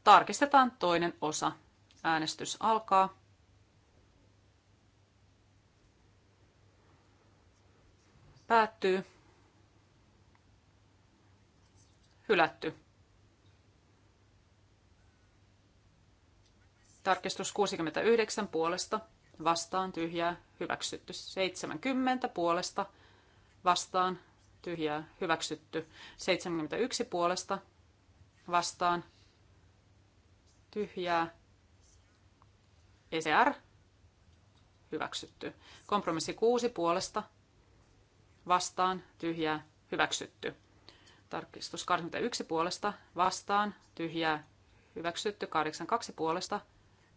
Tarkistetaan toinen osa. Äänestys alkaa. Päättyy. Hylätty. Tarkistus 69 puolesta vastaan tyhjää hyväksytty. 70 puolesta vastaan tyhjää hyväksytty. 71 puolesta vastaan tyhjää ECR hyväksytty. Kompromissi 6 puolesta vastaan tyhjää hyväksytty. Tarkistus 81 puolesta vastaan tyhjää hyväksytty. 82 puolesta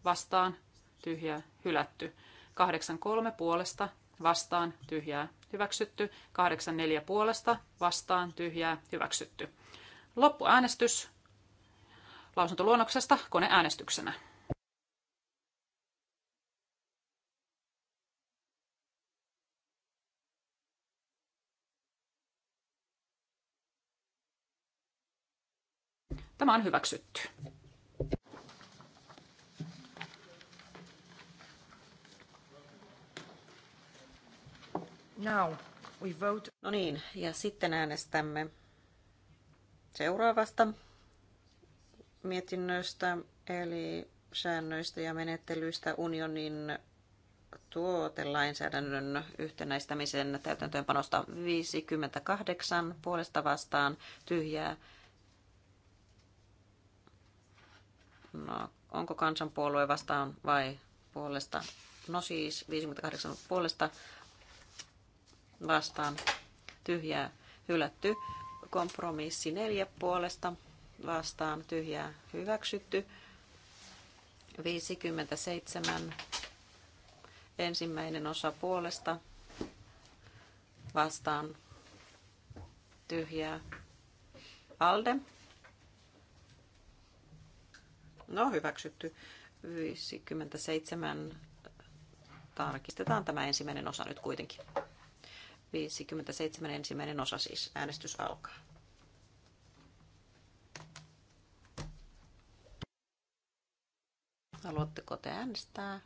vastaan, tyhjää, hylätty. kolme puolesta, vastaan, tyhjää, hyväksytty. neljä puolesta, vastaan, tyhjää, hyväksytty. Loppuäänestys lausuntoluonnoksesta koneäänestyksenä. Tämä on hyväksytty. Now we vote. No niin, ja sitten äänestämme seuraavasta mietinnöstä, eli säännöistä ja menettelyistä unionin tuotelainsäädännön yhtenäistämisen täytäntöönpanosta 58 puolesta vastaan tyhjää. No, onko kansanpuolue vastaan vai puolesta? No siis 58 puolesta vastaan tyhjää hylätty. Kompromissi neljä puolesta vastaan tyhjää hyväksytty. 57 ensimmäinen osa puolesta vastaan tyhjää alde. No hyväksytty. 57 tarkistetaan tämä ensimmäinen osa nyt kuitenkin. 57 ensimmäinen osa siis. Äänestys alkaa. Haluatteko te äänestää?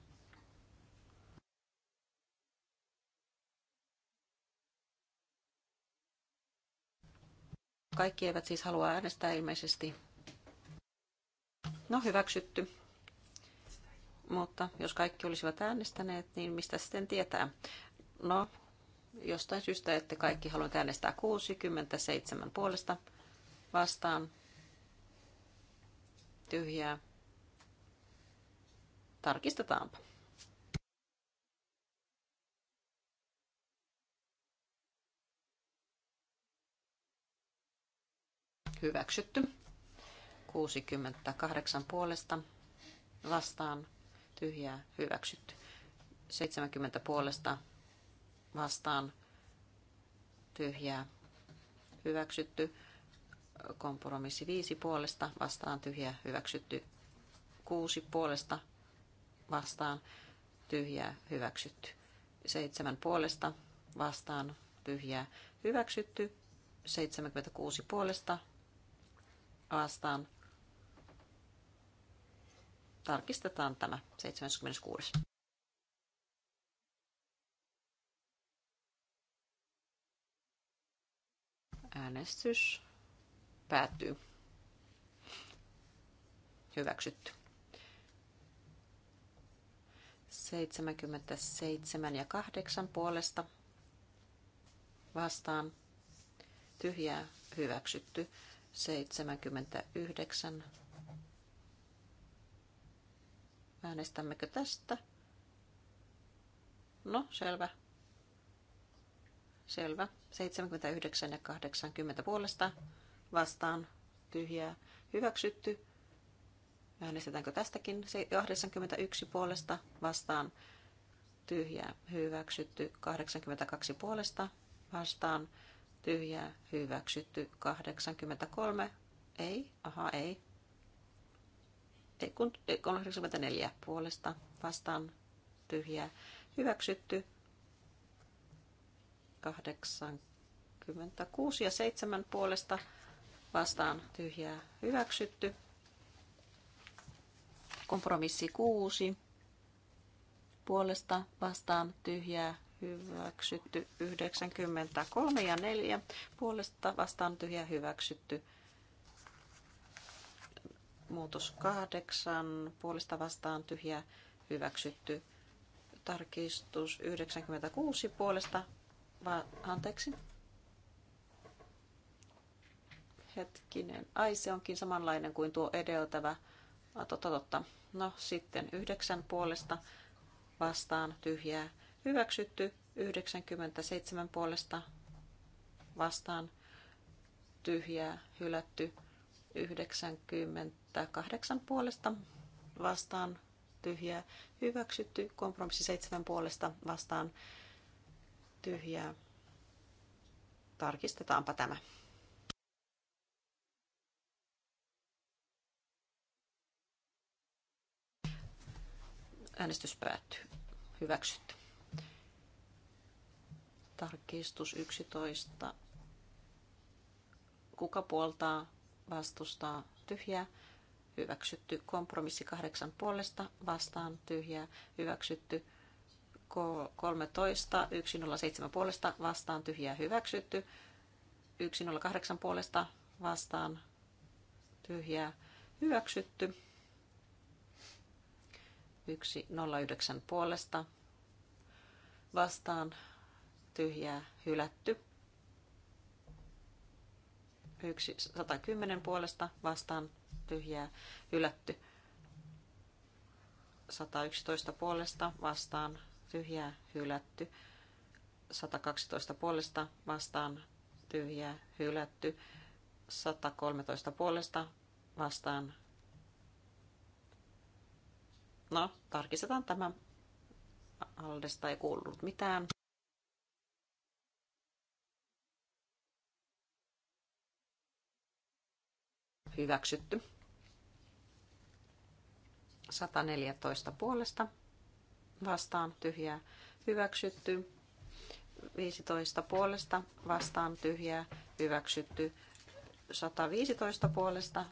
Kaikki eivät siis halua äänestää ilmeisesti. No hyväksytty. Mutta jos kaikki olisivat äänestäneet, niin mistä sitten tietää? No, jostain syystä että kaikki haluavat äänestää 67 puolesta vastaan. Tyhjää. Tarkistetaanpa. Hyväksytty. 68 puolesta vastaan. Tyhjää. Hyväksytty. 70 puolesta vastaan tyhjää hyväksytty. Kompromissi viisi puolesta vastaan tyhjää hyväksytty. kuusi puolesta vastaan tyhjää hyväksytty. seitsemän puolesta vastaan tyhjää hyväksytty. 76 puolesta vastaan. Tarkistetaan tämä 76. Äänestys päättyy. Hyväksytty. 77 ja 8 puolesta vastaan tyhjää hyväksytty 79. Äänestämmekö tästä? No, selvä. Selvä. 79 ja 80 puolesta vastaan tyhjää hyväksytty. Äänestetäänkö tästäkin? 81 puolesta vastaan tyhjää hyväksytty. 82 puolesta vastaan tyhjää hyväksytty. 83 ei, aha ei. Ei kun 84 puolesta vastaan tyhjää hyväksytty. 86 ja 7 puolesta vastaan tyhjää hyväksytty. Kompromissi 6 puolesta vastaan tyhjää hyväksytty 93 ja 4 puolesta vastaan tyhjää hyväksytty muutos 8 puolesta vastaan tyhjää hyväksytty tarkistus 96 puolesta Va- anteeksi. Hetkinen. Ai, se onkin samanlainen kuin tuo edeltävä. Totta, totta. No sitten yhdeksän puolesta vastaan tyhjää. Hyväksytty 97 puolesta vastaan tyhjää. Hylätty 98 puolesta vastaan tyhjää. Hyväksytty kompromissi 7 puolesta vastaan tyhjää. Tarkistetaanpa tämä. Äänestys päättyy. Hyväksytty. Tarkistus 11. Kuka puoltaa, vastustaa, tyhjää hyväksytty kompromissi kahdeksan puolesta vastaan tyhjää, hyväksytty 13, 107 puolesta vastaan tyhjää hyväksytty, 108 puolesta vastaan tyhjää hyväksytty, 109 puolesta vastaan tyhjää hylätty, 110 puolesta vastaan tyhjää hylätty, 111 puolesta vastaan tyhjää hylätty. 112 puolesta vastaan tyhjää hylätty. 113 puolesta vastaan. No, tarkistetaan tämä. Aldesta ei kuulunut mitään. Hyväksytty. 114 puolesta vastaan tyhjää hyväksytty. 15 puolesta vastaan tyhjää hyväksytty. 115 puolesta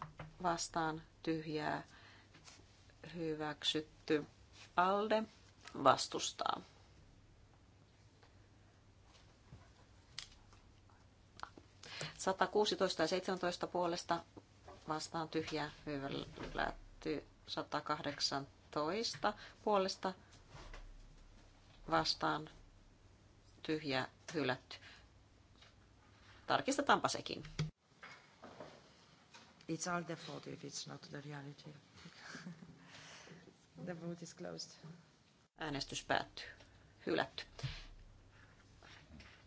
vastaan tyhjää hyväksytty. Alde vastustaa. Sata ja 17 puolesta vastaan tyhjää hylätty. 118 puolesta vastaan tyhjä hylätty. Tarkistetaanpa sekin. It's all the fault if it's not the reality. the vote is closed. Äänestys päättyy. Hylätty.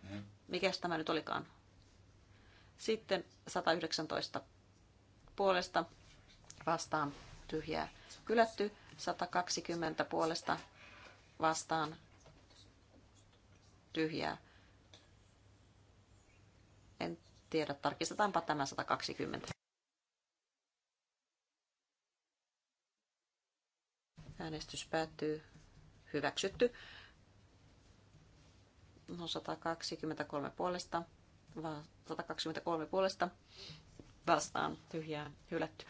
Mm-hmm. Mikäs tämä nyt olikaan? Sitten 119 puolesta vastaan tyhjää hylätty. 120 puolesta vastaan tyhjää. En tiedä, tarkistetaanpa tämä 120. Äänestys päättyy. Hyväksytty. No 123 puolesta. 123 puolesta vastaan tyhjää hylätty.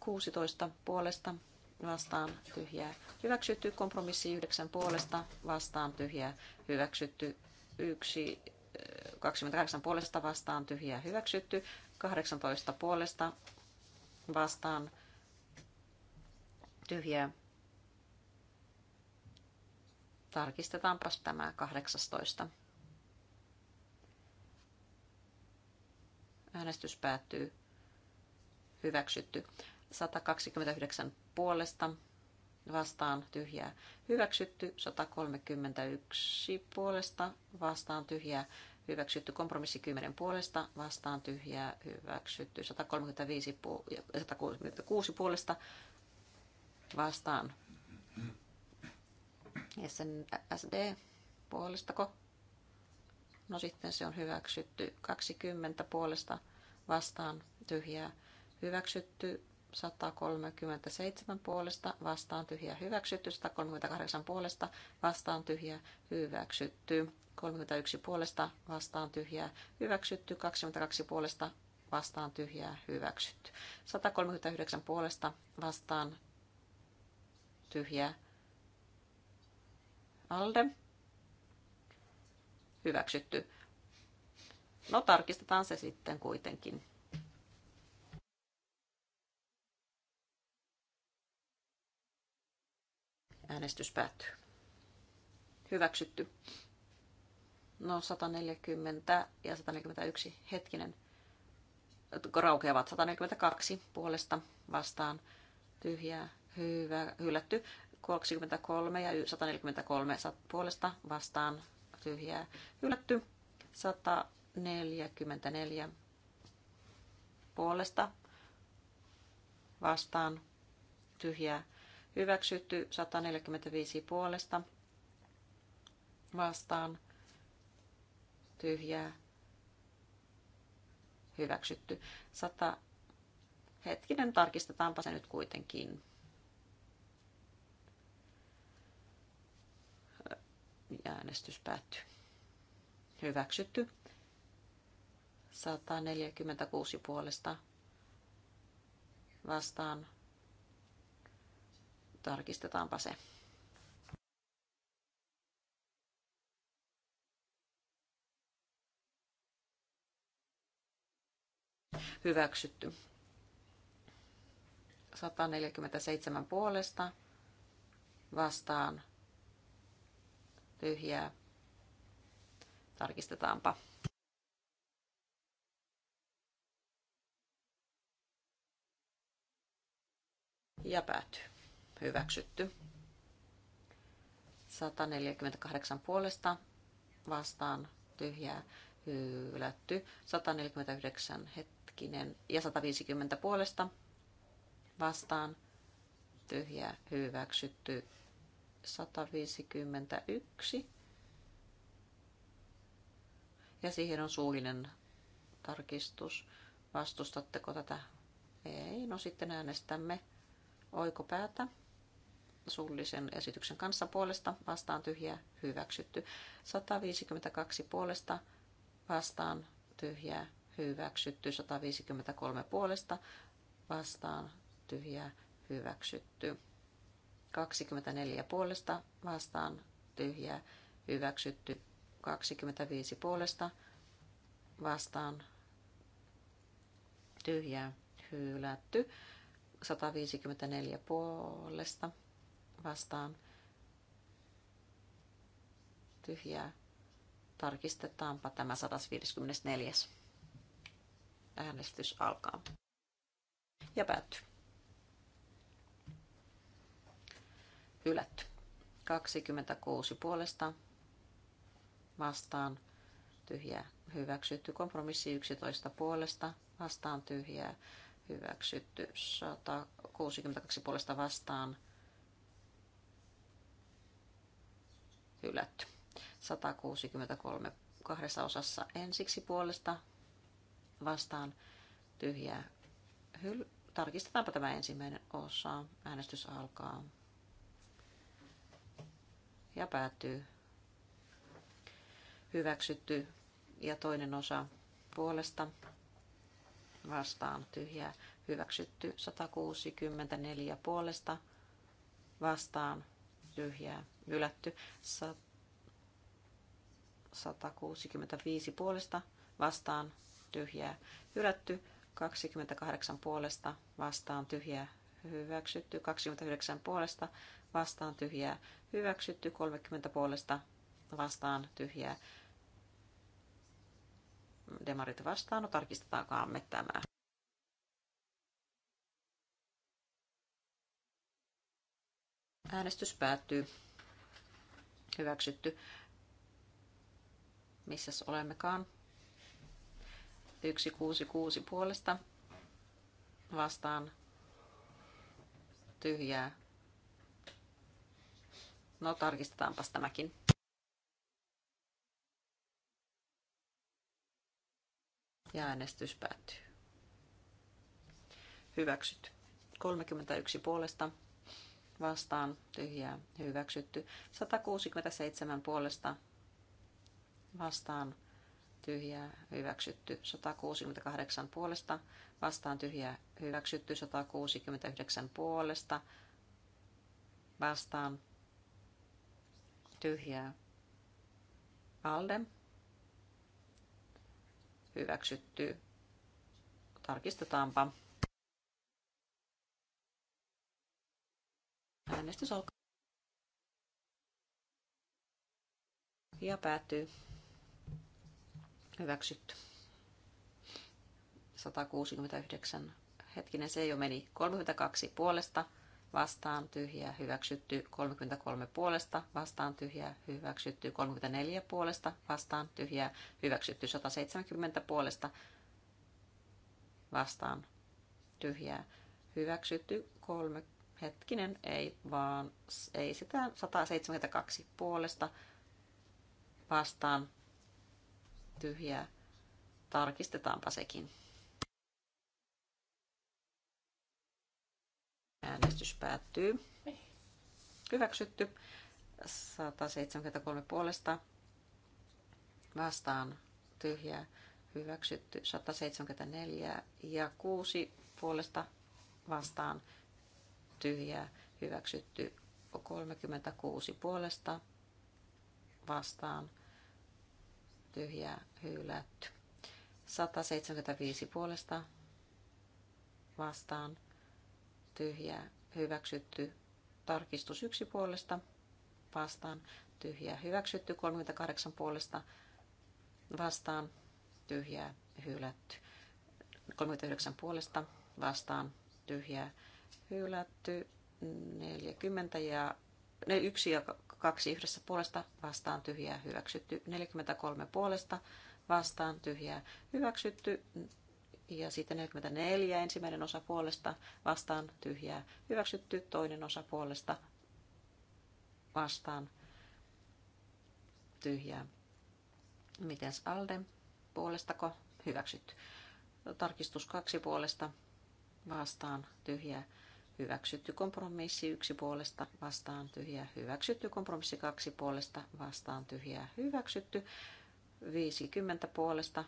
16 puolesta vastaan tyhjää hyväksytty. Kompromissi yhdeksän puolesta vastaan tyhjää hyväksytty. yksi 28 eh, puolesta vastaan tyhjää hyväksytty. 18 puolesta vastaan tyhjää. Tarkistetaanpas tämä 18. Äänestys päättyy. Hyväksytty. 129 puolesta vastaan tyhjää hyväksytty, 131 puolesta vastaan tyhjää hyväksytty, kompromissi 10 puolesta vastaan tyhjää hyväksytty, 135 pu- 166 puolesta vastaan SD puolestako? No sitten se on hyväksytty 20 puolesta vastaan tyhjää hyväksytty 137 puolesta vastaan tyhjä hyväksytty, 138 puolesta vastaan tyhjä hyväksytty, 31 puolesta vastaan tyhjä hyväksytty, 22 puolesta vastaan tyhjää hyväksytty, 139 puolesta vastaan tyhjää alde hyväksytty. No tarkistetaan se sitten kuitenkin. Äänestys päättyy. Hyväksytty. No 140 ja 141 hetkinen raukeavat 142 puolesta vastaan tyhjää hyvä, hylätty 23 ja 143 puolesta vastaan tyhjää hylätty 144 puolesta vastaan tyhjää Hyväksytty 145 puolesta vastaan tyhjää. Hyväksytty 100. Hetkinen, tarkistetaanpa se nyt kuitenkin. Äänestys päättyy. Hyväksytty 146 puolesta vastaan Tarkistetaanpa se. Hyväksytty. 147 puolesta vastaan tyhjää. Tarkistetaanpa. ja päättyy hyväksytty. 148 puolesta vastaan tyhjää hylätty. 149 hetkinen ja 150 puolesta vastaan tyhjää hyväksytty. 151. Ja siihen on suullinen tarkistus. Vastustatteko tätä? Ei, no sitten äänestämme oikopäätä suullisen esityksen kanssa puolesta vastaan tyhjä hyväksytty. 152 puolesta vastaan tyhjä hyväksytty. 153 puolesta vastaan tyhjä hyväksytty. 24 puolesta vastaan tyhjä hyväksytty. 25 puolesta vastaan tyhjä hylätty. 154 puolesta vastaan tyhjää. Tarkistetaanpa tämä 154. Äänestys alkaa ja päättyy. Hylätty. 26 puolesta vastaan tyhjää hyväksytty. Kompromissi 11 puolesta vastaan tyhjää hyväksytty. 162 puolesta vastaan hylätty. 163 kahdessa osassa ensiksi puolesta vastaan tyhjää. Hyl- Tarkistetaanpa tämä ensimmäinen osa. Äänestys alkaa ja päättyy. Hyväksytty ja toinen osa puolesta vastaan tyhjää. Hyväksytty 164 puolesta vastaan tyhjää ylätty, 165 puolesta vastaan tyhjää hylätty. 28 puolesta vastaan tyhjää hyväksytty. 29 puolesta vastaan tyhjää hyväksytty. 30 puolesta vastaan tyhjää demarit vastaan. No tarkistetaankaan me tämä. Äänestys päättyy. Hyväksytty. Missäs olemmekaan? 166 puolesta vastaan tyhjää. No tarkistetaanpas tämäkin. Ja äänestys päättyy. Hyväksytty. 31 puolesta vastaan tyhjää hyväksytty. 167 puolesta vastaan tyhjää hyväksytty. 168 puolesta vastaan tyhjää hyväksytty. 169 puolesta vastaan tyhjää alde hyväksytty. Tarkistetaanpa. Äänestys alkaa. Ja päättyy. Hyväksytty. 169. Hetkinen, se jo meni. 32 puolesta vastaan tyhjä hyväksytty 33 puolesta, vastaan tyhjä hyväksytty 34 puolesta, vastaan tyhjä hyväksytty 170 puolesta, vastaan tyhjää hyväksytty 3, Hetkinen, ei vaan, ei sitä 172 puolesta vastaan tyhjää. Tarkistetaanpa sekin. Äänestys päättyy. Hyväksytty. 173 puolesta vastaan tyhjää. Hyväksytty. 174 ja 6 puolesta vastaan tyhjää hyväksytty 36 puolesta vastaan tyhjää hylätty. 175 puolesta vastaan tyhjää hyväksytty tarkistus 1 puolesta vastaan tyhjää hyväksytty 38 puolesta vastaan tyhjää hylätty 39 puolesta vastaan tyhjää hylätty 40 ja ne 1 ja 2 yhdessä puolesta vastaan tyhjää hyväksytty 43 puolesta vastaan tyhjää hyväksytty ja sitten 44 ensimmäinen osa puolesta vastaan tyhjää hyväksytty toinen osa puolesta vastaan tyhjää. Mitäs Alde puolestako hyväksytty? Tarkistus kaksi puolesta vastaan tyhjää hyväksytty kompromissi yksi puolesta vastaan tyhjää hyväksytty kompromissi kaksi puolesta vastaan tyhjää hyväksytty 50 puolesta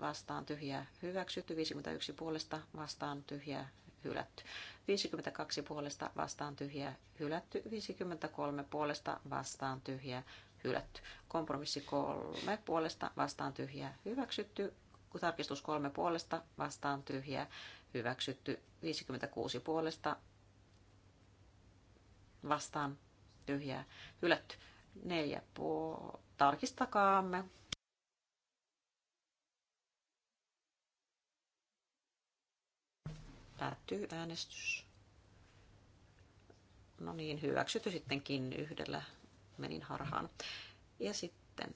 vastaan tyhjää hyväksytty 51 puolesta vastaan tyhjää hylätty. 52 puolesta vastaan tyhjää hylätty. 53 puolesta vastaan tyhjää hylätty. Kompromissi 3 puolesta vastaan tyhjää hyväksytty. Tarkistus kolme puolesta vastaan tyhjää hyväksytty 56 puolesta vastaan tyhjää hylätty. Neljä puol... Tarkistakaamme. Päättyy äänestys. No niin, hyväksytty sittenkin yhdellä. Menin harhaan. Ja sitten,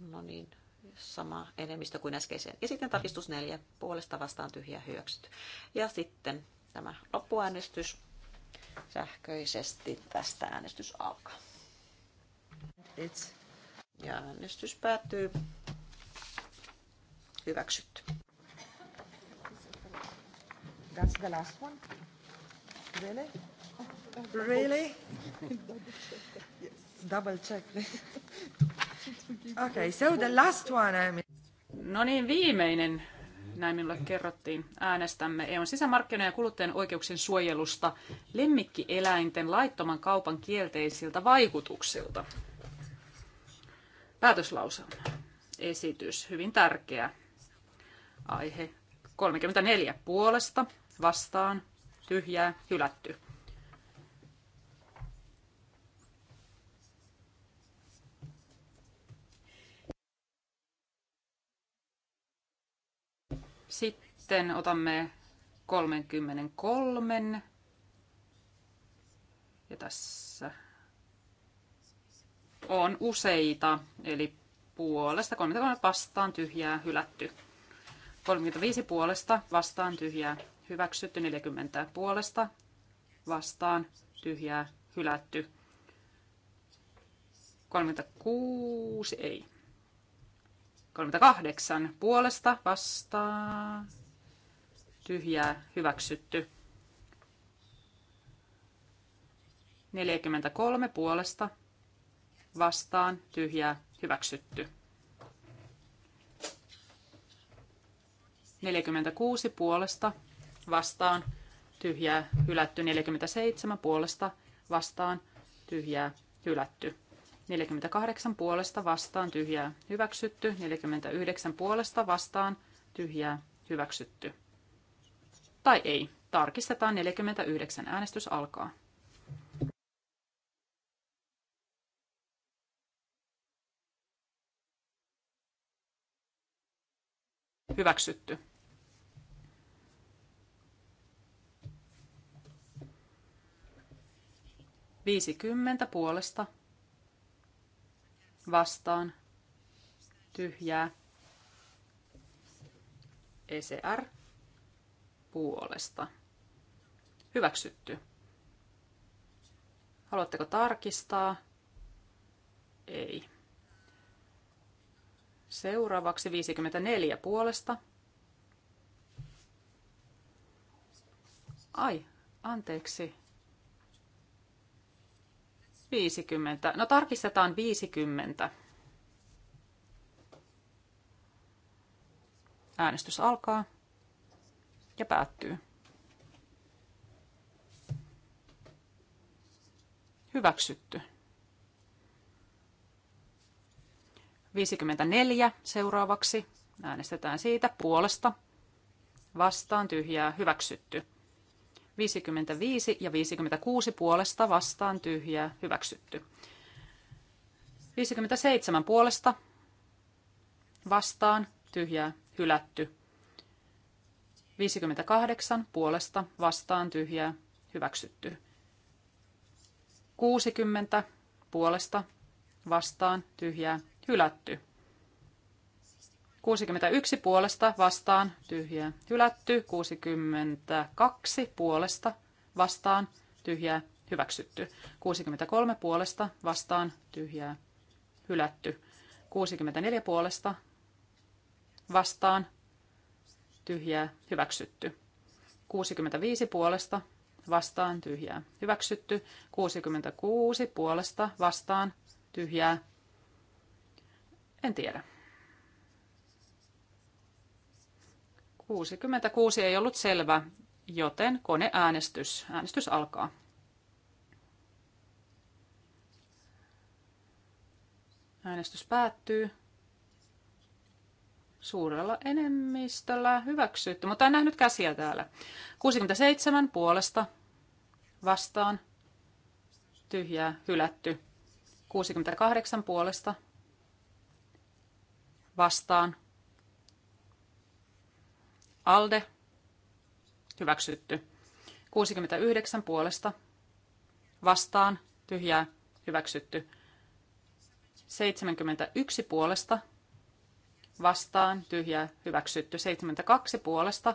no niin, sama enemmistö kuin äskeiseen. Ja sitten tarkistus neljä, puolesta vastaan tyhjä hyöksytty. Ja sitten tämä loppuäänestys sähköisesti. Tästä äänestys alkaa. It's. Ja äänestys päättyy. Hyväksytty. That's the last one. Really? Really? Double check. yes. Double check. Okay, so the last one I mean. No niin, viimeinen, näin minulle kerrottiin, äänestämme EUn sisämarkkinoiden ja kuluttajan oikeuksien suojelusta lemmikkieläinten laittoman kaupan kielteisiltä vaikutuksilta. Päätöslauselma. Esitys. Hyvin tärkeä aihe. 34 puolesta vastaan. Tyhjää. Hylätty. Sitten otamme 33. Ja tässä on useita, eli puolesta, 33 vastaan, tyhjää, hylätty. 35 puolesta, vastaan, tyhjää, hyväksytty. 40 puolesta, vastaan, tyhjää, hylätty. 36, ei, 38 puolesta vastaan. Tyhjää hyväksytty. 43 puolesta vastaan. Tyhjää hyväksytty. 46 puolesta vastaan. Tyhjää hylätty. 47 puolesta vastaan. Tyhjää hylätty. 48 puolesta vastaan tyhjää hyväksytty. 49 puolesta vastaan tyhjää hyväksytty. Tai ei. Tarkistetaan 49. Äänestys alkaa. Hyväksytty. Viisikymmentä puolesta vastaan tyhjää ECR puolesta. Hyväksytty. Haluatteko tarkistaa? Ei. Seuraavaksi 54 puolesta. Ai, anteeksi. 50. No tarkistetaan 50. Äänestys alkaa ja päättyy. Hyväksytty. 54 seuraavaksi. Äänestetään siitä puolesta. Vastaan tyhjää hyväksytty. 55 ja 56 puolesta vastaan tyhjää hyväksytty. 57 puolesta vastaan tyhjää hylätty. 58 puolesta vastaan tyhjää hyväksytty. 60 puolesta vastaan tyhjää hylätty. 61 puolesta vastaan tyhjää hylätty, 62 puolesta vastaan tyhjää hyväksytty, 63 puolesta vastaan tyhjää hylätty, 64 puolesta vastaan tyhjää hyväksytty, 65 puolesta vastaan tyhjää hyväksytty, 66 puolesta vastaan tyhjää en tiedä. 66 ei ollut selvä, joten koneäänestys. Äänestys alkaa. Äänestys päättyy. Suurella enemmistöllä hyväksytty, mutta en nähnyt käsiä täällä. 67 puolesta vastaan. Tyhjää hylätty. 68 puolesta vastaan Alde. Hyväksytty. 69 puolesta. Vastaan. Tyhjää. Hyväksytty. 71 puolesta. Vastaan. Tyhjää. Hyväksytty. 72 puolesta.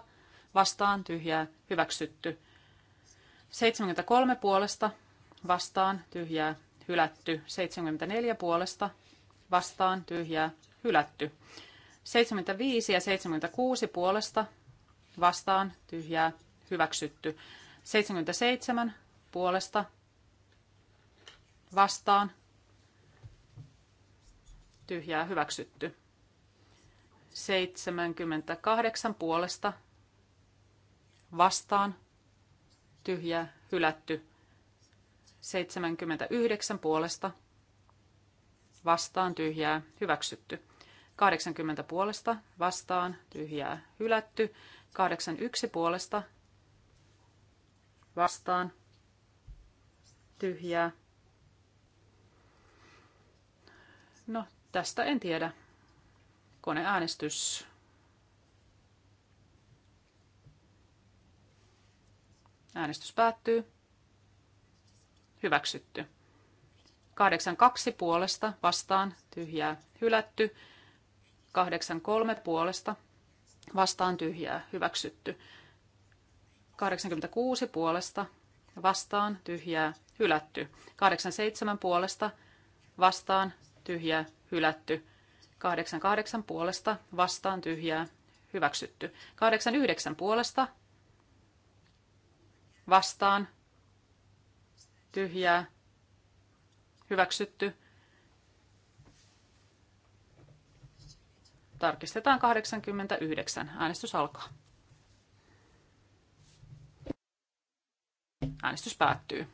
Vastaan. Tyhjää. Hyväksytty. 73 puolesta. Vastaan. Tyhjää. Hylätty. 74 puolesta. Vastaan. Tyhjää. Hylätty. 75 ja 76 puolesta vastaan tyhjää hyväksytty. 77 puolesta vastaan tyhjää hyväksytty. 78 puolesta vastaan tyhjää hylätty. 79 puolesta vastaan tyhjää hyväksytty. 80 puolesta vastaan tyhjää hylätty. 81 puolesta vastaan tyhjää. No, tästä en tiedä. Koneäänestys. Äänestys päättyy. Hyväksytty. 82 puolesta vastaan tyhjää hylätty. 83 puolesta vastaan tyhjää, hyväksytty. 86 puolesta, vastaan tyhjää, hylätty. 87 puolesta, vastaan tyhjää, hylätty. 88 puolesta, vastaan tyhjää, hyväksytty. 89 puolesta, vastaan tyhjää, hyväksytty. Tarkistetaan 89. Äänestys alkaa. Äänestys päättyy.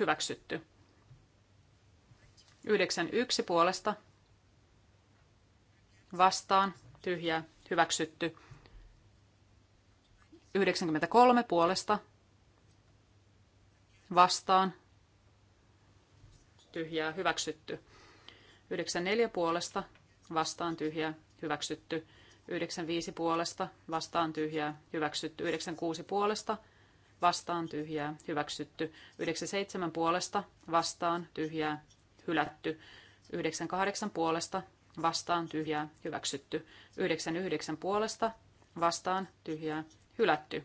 Hyväksytty. 91 puolesta. Vastaan. Tyhjää. Hyväksytty. 93 puolesta. Vastaan. Tyhjää. Hyväksytty. 94 puolesta. Vastaan. Tyhjää hyväksytty. 95 puolesta vastaan tyhjää, hyväksytty. 96 puolesta vastaan tyhjää, hyväksytty. 97 puolesta vastaan tyhjää, hylätty. 98 puolesta vastaan tyhjää, hyväksytty. 99 puolesta vastaan tyhjää, hylätty.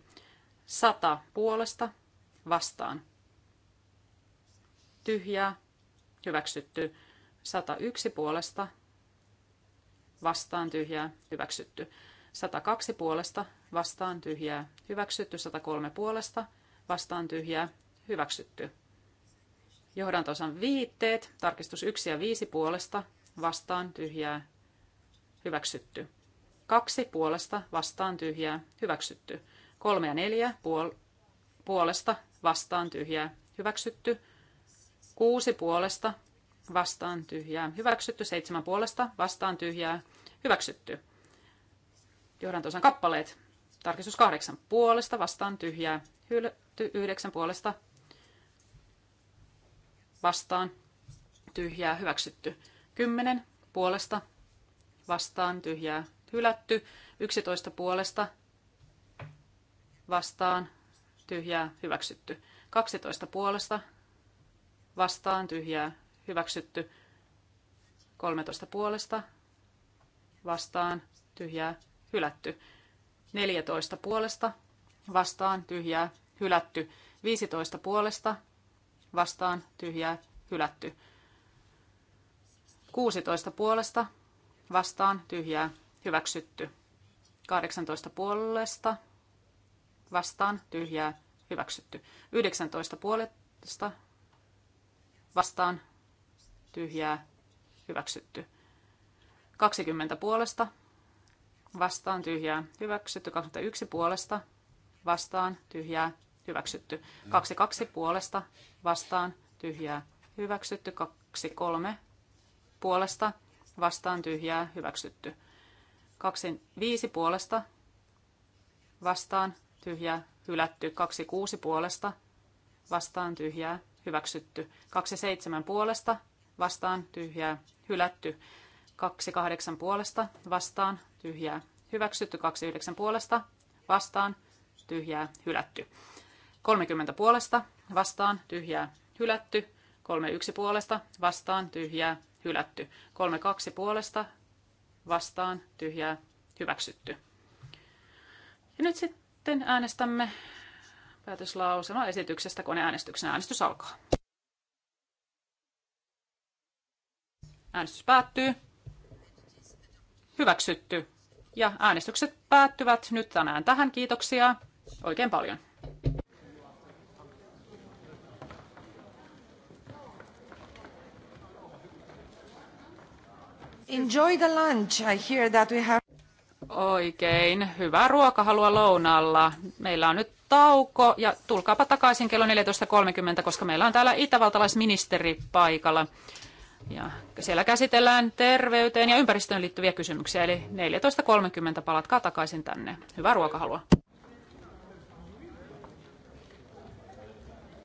100 puolesta vastaan tyhjää, hyväksytty. 101 puolesta vastaan tyhjää, hyväksytty. 102 puolesta, vastaan tyhjää, hyväksytty. 103 puolesta, vastaan tyhjää, hyväksytty. Johdantosan viitteet, tarkistus 1 ja 5 puolesta, vastaan tyhjää, hyväksytty. 2 puolesta, vastaan tyhjää, hyväksytty. 3 ja 4 puol- puolesta, vastaan tyhjää, hyväksytty. 6 puolesta, vastaan tyhjää hyväksytty, seitsemän puolesta vastaan tyhjää hyväksytty. Johdantosan kappaleet. Tarkistus kahdeksan puolesta vastaan tyhjää hylätty, yhdeksän puolesta vastaan tyhjää hyväksytty, kymmenen puolesta vastaan tyhjää hylätty, yksitoista puolesta vastaan tyhjää hyväksytty, kaksitoista puolesta vastaan tyhjää hyväksytty 13 puolesta vastaan tyhjää hylätty 14 puolesta vastaan tyhjää hylätty 15 puolesta vastaan tyhjää hylätty 16 puolesta vastaan tyhjää hyväksytty 18 puolesta vastaan tyhjää hyväksytty 19 puolesta vastaan tyhjää, hyväksytty. 20 puolesta, vastaan tyhjää, hyväksytty. 21 puolesta, vastaan tyhjää, hyväksytty. 22 puolesta, vastaan tyhjää, hyväksytty. 23 puolesta, vastaan tyhjää, hyväksytty. 25 puolesta, vastaan tyhjää, hylätty. 26 puolesta, vastaan tyhjää, hyväksytty. 27 puolesta, vastaan tyhjää, hylätty 28 puolesta vastaan tyhjää, hyväksytty 29 puolesta vastaan tyhjää, hylätty 30 puolesta vastaan tyhjää, hylätty 31 puolesta vastaan tyhjää, hylätty 32 puolesta vastaan tyhjää, hyväksytty. Ja nyt sitten äänestämme päätöslauselma esityksestä koneäänestyksen äänestys alkaa. Äänestys päättyy. Hyväksytty. Ja äänestykset päättyvät nyt tänään tähän. Kiitoksia oikein paljon. Enjoy the lunch. I hear that we have... Oikein. Hyvää ruokahalua lounalla. Meillä on nyt tauko ja tulkaapa takaisin kello 14.30, koska meillä on täällä itävaltalaisministeri paikalla. Ja siellä käsitellään terveyteen ja ympäristöön liittyviä kysymyksiä, eli 14.30 palatkaa takaisin tänne. Hyvää ruokahalua!